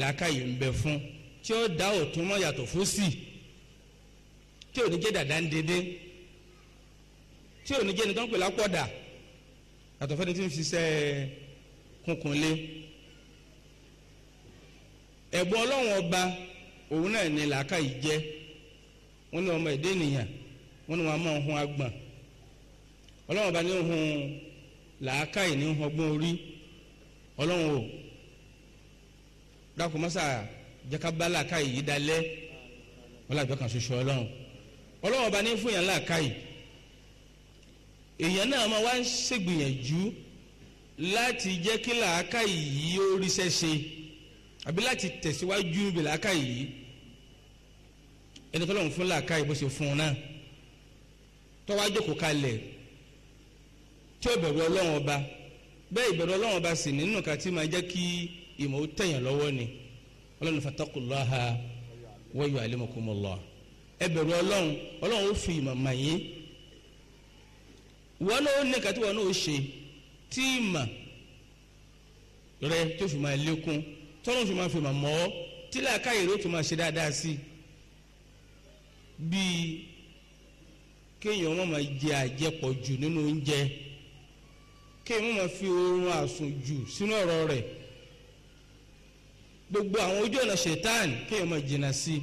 làákàyè ń bẹ fún tí ó dá òtún mọ́ yàtọ̀ fún sí tí ò ní jẹ́ dàda ń dédé tí ò ní jẹ́ nìkan pè lápọ̀dà yàtọ̀ fẹ́ni tí ń ṣiṣẹ́ kunkun lé ẹ̀bùn ọlọ́run ọba òun náà ní làákàyè jẹ́ wọ́n ní ọmọ ẹ̀dẹ́ ènìyàn wọ́n ní wọn máa ń hun agbọ̀n ọlọ́run ọba ní hun làákàyè ní hun ọgbọ́n orí ọlọ́run o dákun mọ́sà jẹ́kábá làákàyè yìí dalẹ́ wọ́n làjọ kan ṣoṣo ọlọ́run ọlọ́run ọba ní fún yàn làákàyè èèyàn náà máa wá ń ṣègbìyànjú láti jẹ́ kí làákà yìí ó rí ṣẹ́ṣe àbí láti tẹ̀síwájú ibi làákà yìí ẹni tó lọ́n fún làákà yìí bó ṣe fún un náà tọ́wá jókòó kalẹ̀ tí ó bẹ̀rù ọlọ́run ọba bẹ́ẹ̀ ìbẹ̀rù ọlọ́run ọba sì nínú nǹkan tí máa jẹ́ kí ìmọ̀ ó tẹ̀yàn lọ́wọ́ ni ọlọ́run fatakullaha wa yu'allimukumullah ẹ bẹ̀rù ọlọ́run ọlọ́run ó fi ìmọ̀ mọ̀ yín wọ́n ló ní kàtí wọ́n náà ṣe tí ìmọ̀ rẹ tó fi máa lékún tọ́lọ́ fi máa fi máa mọ́ ọ́ tí làákàyè ló tún máa ṣe dáadáa sí i bíi kéèyàn má máa jẹ àjẹpọ̀ jù nínú oúnjẹ kéèyàn má máa fi oorun àsùn jù sínú ọ̀rọ̀ rẹ̀ gbogbo àwọn ojú ọ̀nà ṣètàn kéèyàn máa jìnnà sí i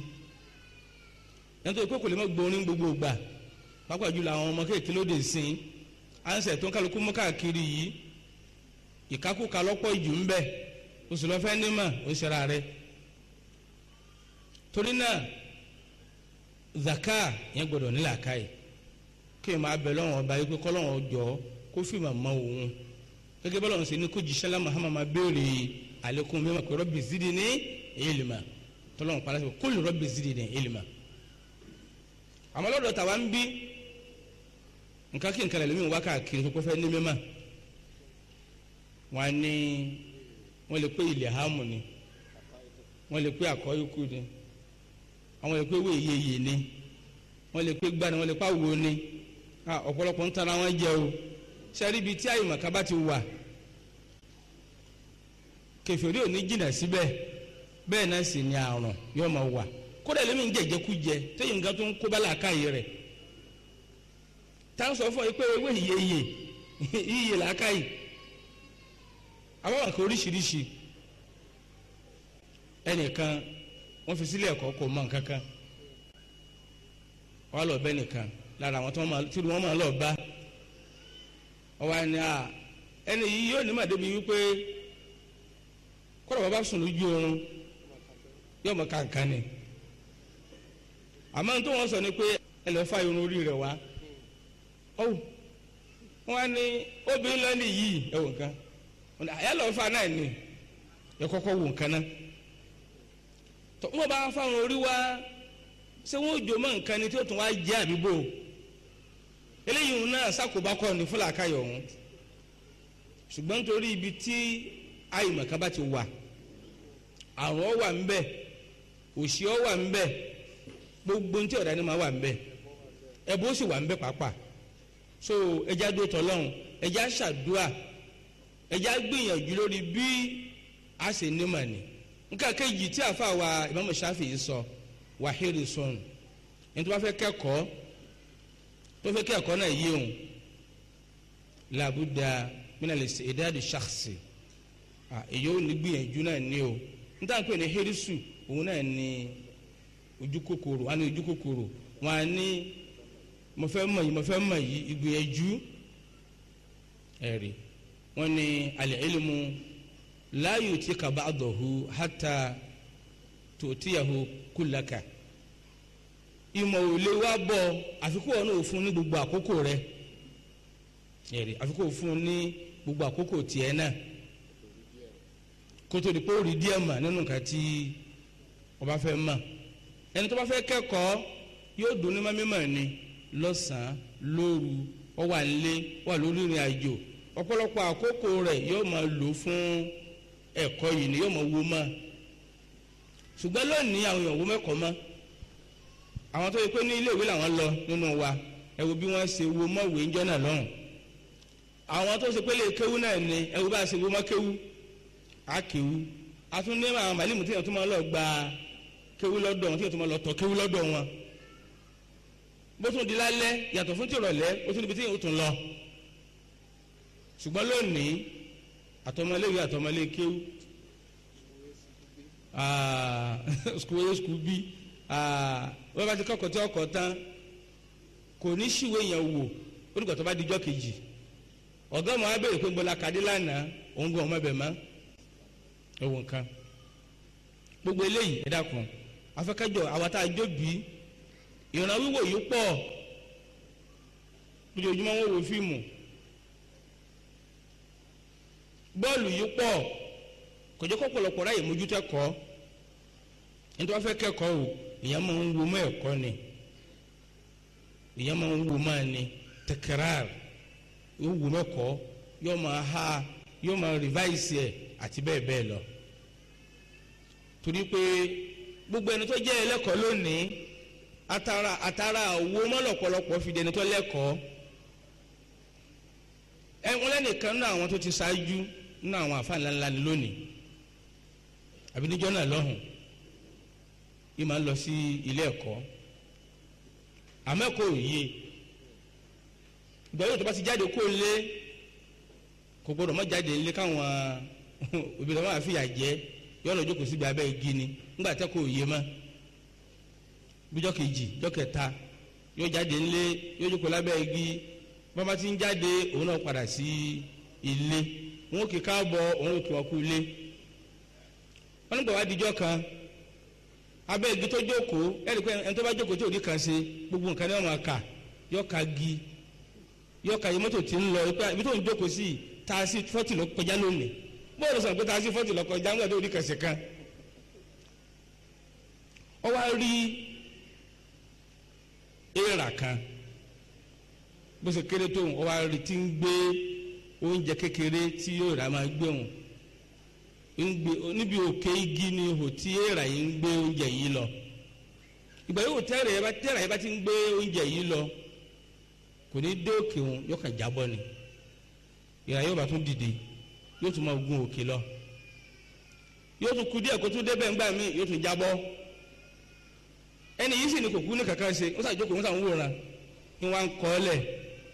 yàtọ̀ ìkókò lè má gbóorin gbogbo ìgbà pápá jùlọ àwọn ọmọ kéèké lóde ìsìn ansẹ̀ tó ń kálukú mú káàkiri yìí ìkákúka lọ́pọ̀ ìjù ń bẹ o sì lọ fẹ́ nímọ̀ o ṣe ra rẹ torí náà zaka yẹn gbọdọ̀ nílà káyì kí n máa bẹ lọ́wọ́n ọba yìí pé kọ́lọ́wọ́n jọ kó fìmọ̀ mọ́ òun gẹ́gẹ́ bọ́lá ọ̀sẹ̀ ní kó jíṣẹ́ lámà hàmà zidi ní ìlìmà tọ́lọ́wọ́n parí kó lè rọ́bì zidi ní ìlìmà àmọ́ lọ́dọ̀ tàwa ń bí nǹkan kí nǹkan ẹlòmíì wá káàkiri tó kó fẹ́ ní mímọ́ wọn ní wọn lè pé ilẹ̀ hàmù ni wọn lè pé àkọ́yókù ni àwọn lè pé wéyeyè ni wọn lè pé gbani wọn lè pé àwo ni ọ̀pọ̀lọpọ̀ ń tara wọn jẹ o sẹ́rí ibi tí àyùmọ̀ká bá ti wà kẹfẹ́rí ò ní jìnnà síbẹ̀ bẹ́ẹ̀ náà sì ni àrùn yóò máa wà kódà lómi ń jẹ̀jẹ̀kú jẹ téyìn nǹkan tó ń kó bá làákàyè rẹ̀ tá ń sọ fún ọ pé ewé iye iye iye làákàyè àwọn àkè oríṣiríṣi ẹnìkan wọ́n fi sílẹ̀ ẹ̀kọ́ kò mọ̀ nǹkan kan wọ́n lọ bẹ nìkan lára àwọn tí wọ́n máa lọ bá ọwọ́ ẹni à ẹni yìí yóò ní màdébi wípé kọ́dọ̀ bàbá sùn lójú oorun yóò mọ̀ kàǹkà ni àmọ́ nítorí wọ́n sọ ni pé ẹ lọ́ọ́ fà irun orí rẹ̀ wá. ọwọ́ wọn ní obìnrin lọ ní yìí ẹ wò nǹkan àyà lọ fa náà ni ẹ kọ́kọ́ wò nǹkan náà tó wọn bá fáwọn orí wa ṣé wọn jò mọ nǹkan ni tí ó tún wá jẹ àbíbò eléyìí ni fúlà ṣùgbọ́n nítorí ibi tí bá ti wà àrùn ọ wà ń òṣì ọ̀ wà gbogbo ní tí ọ̀dà ni wà ẹ̀bùn sì so ẹja dó tọ́lọ́hún ẹja ṣàdúà ẹja gbìyànjú lórí bí a ṣe ní màní nǹkan kejì tí àfa wa ìmáàmù ṣáfì yìí sọ wàhíìrì sọnù ẹni tó bá fẹ́ kẹ́kọ̀ọ́ tó fẹ́ kẹ́kọ̀ọ́ náà yé òun làbúdà mínàlẹ̀ ìdáàdì ṣàkṣì èyí ò ní gbìyànjú náà ní o níta pé ní hírísù òun náà ní ojú kòkòrò wọn ní ojú kòkòrò wọn á ní mo fẹ́ mọ̀ yìí mo fẹ́ mọ̀ yìí ìgbìyànjú ẹ̀rí wọ́n ní al-ilmu la yutika ba'dahu hatta tu'tiyahu kullaka ìmọ̀ ò lè wá bọ̀ àfikún ọ̀nà òfun ní gbogbo àkókò rẹ ẹ̀rí àfikún òfun ní gbogbo àkókò tiẹ̀ náà kótó di pé ó rí díẹ̀ mà nínú nǹkan tí ọba fẹ́ mọ̀ ẹni tó bá fẹ́ kẹ́kọ̀ọ́ yóò dùn ní mọ́ mímọ̀ ni lọ́sàn-án lóru ó wà nílé wà lórí ìrìn àjò ọ̀pọ̀lọpọ̀ àkókò rẹ̀ yóò máa lò fún ẹ̀kọ́ yìí ni yóò máa wo mọ́ ṣùgbọ́n lónìí àwọn èèyàn wo mẹ́kọ̀ọ́ mọ́ àwọn tó yẹ pé ní ilé ìwé làwọn lọ nínú wa ẹ wo bí wọ́n ṣe wo mọ́wé ńjọ́ náà lọ́rùn àwọn tó ṣe pé lè kéwú náà ni ẹ wo bá ṣe wo mọ́ kéwú á kéwú a tún ní àwọn màlímù tí èèyàn tún máa lọ gba kéwú lọ́dọ̀ wọn tí èèyàn tún máa lọ tọ́ kéwú lọ́dọ̀ wọn bó tún di lálẹ́ yàtọ̀ fún tìrọ̀lẹ́ ó tún níbi tí yóò tún lọ ṣùgbọ́n lónìí àtọmọléwé àtọmọlé kéwú skul (laughs) a skul b wọ́n bá ti kọ́kọ́ tí ọkọ̀ tán kò ní ṣìwé yẹn wò ó nígbà tó bá di ijọ́ kejì ọ̀gá ọmọ abẹ́rẹ́ pé ń bọ́lá lánàá òun gan ọmọ ẹbẹ̀ mọ́ ẹ̀wọ̀n kan gbogbo eléyìí ẹ̀dá kan afẹ́kẹ́jọ àwọn tá a jó bíi ìran wíwò yìí pọ̀ lójoojúmọ́ wọn wo fíìmù bọ́ọ̀lù yìí pọ̀ kò jẹ́ kọ́pọ̀lọpọ̀ ráyè mójútó ẹ̀kọ́ nítorí wọ́n fẹ́ kẹ́kọ̀ọ́ o ìyẹn máa ń wo mọ́ ẹ̀kọ́ ni ìyẹn máa ń wo máa ni tẹkẹrár yóò wo mẹ́kọ́ yóò máa ha yóò máa rìváìsì ẹ̀ àti bẹ́ẹ̀ bẹ́ẹ̀ lọ torí pé gbogbo ẹni tó jẹ́ ẹlẹ́kọ̀ọ́ lónìí atara atara owó mọ́lọ̀pọ̀lọpọ̀ fi dẹni tó lẹ́kọ̀ọ́ ẹ wọn lẹ́nìkan nínú àwọn tó ti ṣáájú nínú àwọn àfáàní ńlá ni lónìí àbí níjọ́ náà lọ́hùn yìí máa ń lọ sí ilé yìí ìgbà yóò tó bá ti jáde kó lé kò gbọdọ̀ má jáde nílé káwọn (laughs) òbí tó fìyà jẹ igi ni ńgbà bíjọ́ kejì jọ́ kẹta yóò jáde ńlé yóò jókòó lábẹ́ igi bàbá tí ń jáde òun náà padà sí ilé wọn ò kì í káàbọ̀ òun ò kì wọ́n kú ilé wọn nígbà wá dijọ́ kan abẹ́ igi tó jókòó ẹ̀rí pé ẹni tó bá jókòó tí ò ní kàn ṣe gbogbo nǹkan ní ọ̀run àkà yọ ka gi yọ ka yìí mọ́tò tí ń lọ ibi tó ń jókòó sí taasi fọ́tì lọ kọjá lónìí bóyá lọ sọ pé taasi fọ́tì lọ kọjá ńgbà tó ò ní kàn ṣe kan ọ wá rí Era kan bó ṣe kéré tóun ọwọ́ ń gbé oúnjẹ kékeré tí yóò rà máa gbé òun ń gbé níbi òkè igi ni ihò tí èèrà yìí ń gbé oúnjẹ yìí lọ ìgbà yóò tẹ́rẹ̀ yẹn bá tẹ́rẹ̀ yẹn bá ti ń gbé oúnjẹ yìí lọ kò ní dé òkè yóò jábọ́ ni yóò bá tún dìde yóò tún máa lọ yóò tún kú díẹ̀ kó tún débẹ̀ ńgbà ẹni yìí sì ni kò kú ní kankan ṣe ó sàjókòó ó sàwòrán ni wọn kọ ọ lẹ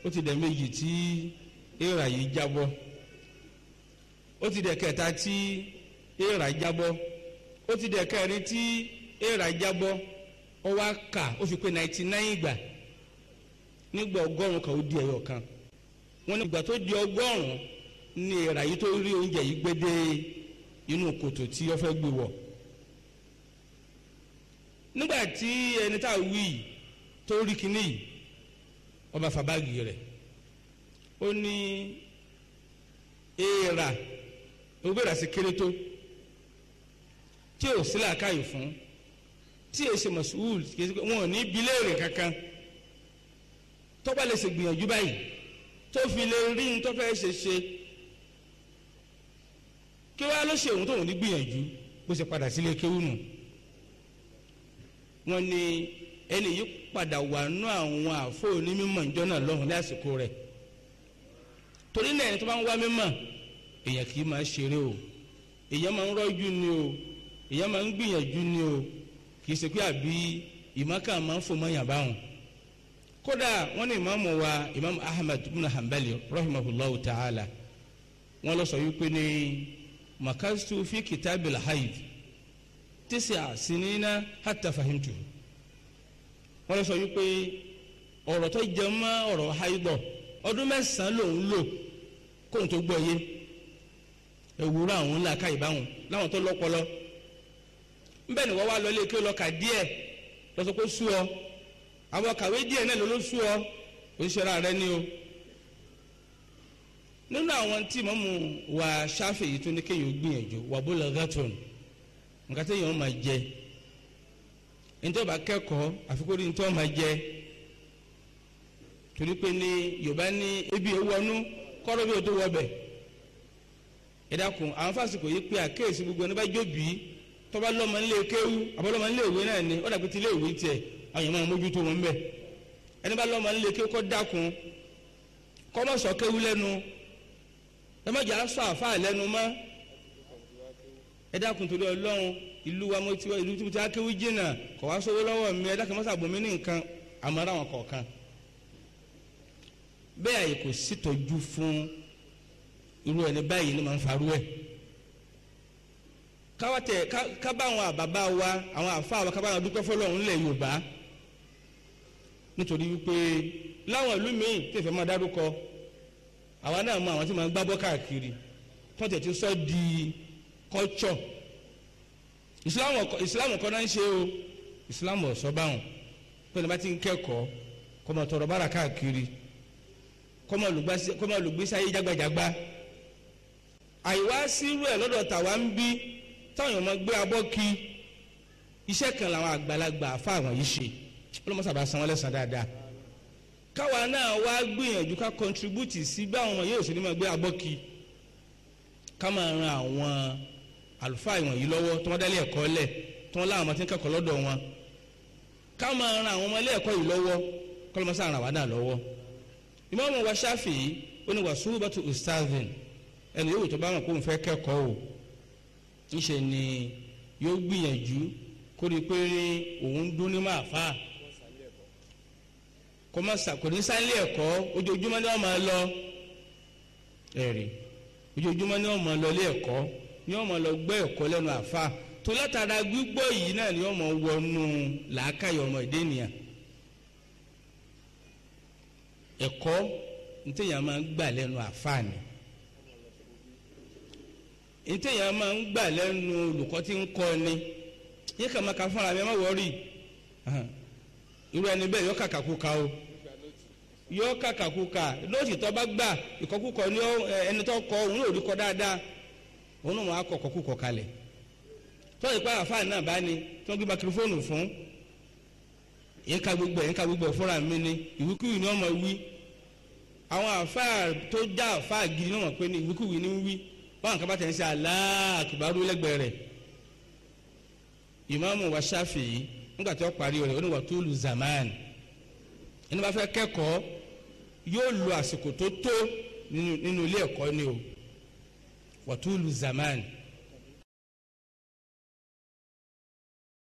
ó ti dẹ méjì tí èèrà yìí jábọ ó ti dẹ kẹta tí èèrà jábọ ó ti dẹ kẹrin tí èèrà jábọ́ ó wá kà ó fi pé náìtì náì gbà nígbà di ẹyọ kan wọn ní ìgbà tó di ni yìí tó rí oúnjẹ yìí gbé nígbà tí ẹni tá a wí yìí tó rí kinní yìí ọba fàbáàgì rẹ̀ ó ní èèrà ògbèrà sí kéré tó tí ò sí làákàyè fún tí èyí ṣe mọ̀sùwùl wọn ò ní bíléèrè kankan tọ́ba lè ṣe gbìyànjú báyìí tó fi lè rí ní tó ṣe ṣe kí wàá ló ṣe òun tóun ní gbìyànjú bó ṣe padà sílé kéwù nù. wọ́n ní ẹni yìí padà wà nú àwọn àfọ onímọ̀ ìjọ náà lọ́hùn lásìkò rẹ̀ torí náà ẹni tó bá ń wá mímọ̀ èèyàn kì í máa ṣeré o èèyàn máa ń rọ́jú ni o èèyàn máa ń gbìyànjú ni o kì í ṣe pé àbí ìmọ̀ká máa ń fòmọ́yàn báwọn kódà wọ́n ní ìmáàmù wa ìmáàmù Hanbali ta'ala wọn lọ sọ yìí pé ní makastu fi tisa sinina hata fahimtu wọ́n sọ yìí pé ọ̀rọ̀ tó jẹ mọ́ ọ̀rọ̀ haidọ̀ ọdún mẹ́sàn-án lò kóun tó gbọ́ yé ewúrọ̀ àwọn ńlá ká ìbáwọn láwọn tó lọpọlọ ńbẹ ni wọ́n wá lọ léèké lọ́ka díẹ̀ lọ́sọ pé sú ọ àwọn kàwé díẹ̀ náà ló ló sú ọ rẹ ni o nínú àwọn tí wa tó ní kéèyàn gbìyànjú nǹkan tó yàn máa jẹ ntọ́ba kẹ́kọ̀ọ́ àfikún ntọ́ máa jẹ torí pé ní yorùbá ní ebi ewọ́nú kọ́rọ́ bí o tó wọ́ bẹ̀ ẹ dákun àwọn fásikò yìí pé àkéèsí gbogbo ẹni bá jóbi tọ́ba lọ́mọ nílé kéwú àbọ̀lọ́mọ nílé ìwé náà ni ó dàbí ti ilé ìwé tiẹ̀ àwọn èèyàn máa mójútó wọn bẹ̀ ẹni bá lọ́mọ nílé kéwú kọ́ dákun kọ́ mọ̀ sọ kéwú lẹ́nu ẹ má jà sọ àfáà lẹ́nu mọ́ ẹ dákun torí ọlọ́run ìlú wa mo ti ìlú tí a kéwì jìnnà kọ̀ wá sówó lọ́wọ́ mi ẹ dákun mọ́sà bomi ní nǹkan àmọ́ ara wọn kọ̀ọ̀kan bẹ́ẹ̀ àyè kò sítọ́jú fún irú ẹni báyìí ni màá farú ẹ̀ káwátẹ kábà àwọn àbàbà wa àwọn àfa wa kábà àwọn dúpẹ́ fọlọ́run ńlẹ̀ Yorùbá nítorí wípé láwọn ìlú míì tẹ̀fẹ̀ máa dárúkọ àwa náà mọ àwọn tí máa gbábọ́ káàkiri tọ́tẹ̀ ti sọ di culture islam ọkọ islam ọkọ náà ń ṣe o islam ọ̀sọ́ báwọn pẹ̀lú bá ti ń kẹ́kọ̀ọ́ kọ́mọ tọrọ bára káàkiri kọ́mọ lùgbésí ayé jágbajàgba àìwá sírú ẹ̀ lọ́dọ̀ tàwa ń bí táwọn ọmọ gbé abọ́ kí iṣẹ́ kan làwọn àgbàlagbà àfa àwọn yìí ṣe ọlọ́mọsàbà san wọ́n lẹ́sàn dáadáa káwa náà wá gbìyànjú ká contribute sí bí ọmọ yóò ṣe ní máa gbé abọ́ kí ká máa ran àwọn àlùfáà ìwọ̀nyí lọ́wọ́ tí wọ́n dálé ẹ̀kọ́ lẹ̀ tí wọ́n láwọn ọmọ tí ń kẹ́kọ̀ọ́ lọ́dọ̀ wọn ká máa ran àwọn ọmọ ilé ẹ̀kọ́ yìí lọ́wọ́ kọ́lọ́mọsá ara wa náà lọ́wọ́ ìmọ̀ọ́mọ̀ wa ṣáfì yìí ó ní wàásù bàtú ustazin ẹni yóò tó bá wọn o ńṣe ni yóò gbìyànjú kó pé òun dún ní máa fà kò ní ẹ̀kọ́ ni wọ́n máa lọ ẹ̀rí ojoojúmọ́ ni wọ́n máa lọ ilé ni wọ́n mọ̀ lọ gbọ́ ẹkọ lẹnu àfa tó látara yìí náà ni wọ́n wọnú làákàyè ọmọ ìdè nìyà ẹ̀kọ́ ntẹ̀yà máa ń gbà lẹnu àfa ni ntẹ̀yà máa ń gbà lẹnu olùkọ́ tí ń kọ́ ni yẹ kà máa ka fúnra mi ẹ má wọrí irú ẹni bẹ́ẹ̀ yọ o yọ kàkà kú ka lóòtítọ́ bá gbà ẹni tó kọ òun rí kọ òun náà wọn akọ̀kọ̀ kú kọ̀kalẹ̀ tó ìpá àfáà náà bá ní tí wọ́n gbé makirofóònù fún yín ka gbogbo yín ka gbogbo fúnra mi ni ìwíkúwì ni wọ́n mọ̀ wí àwọn àfáà tó já àfáà gidi náà mọ̀ pé ní ìwíkúwì ni ń wí báwọn kan bá tẹ̀ ń ṣe aláàkìbárú lẹ́gbẹ̀ẹ́ rẹ̀ ìmáàmù wa ṣáfì yìí nígbà tí wọ́n parí rẹ̀ oníwà tó lu zaman ẹni bá fẹ́ kẹ́kọ̀ọ́ yóò lo àsìkò tó tó nínú ilé ẹ̀kọ́ ni o wàtúlù zamani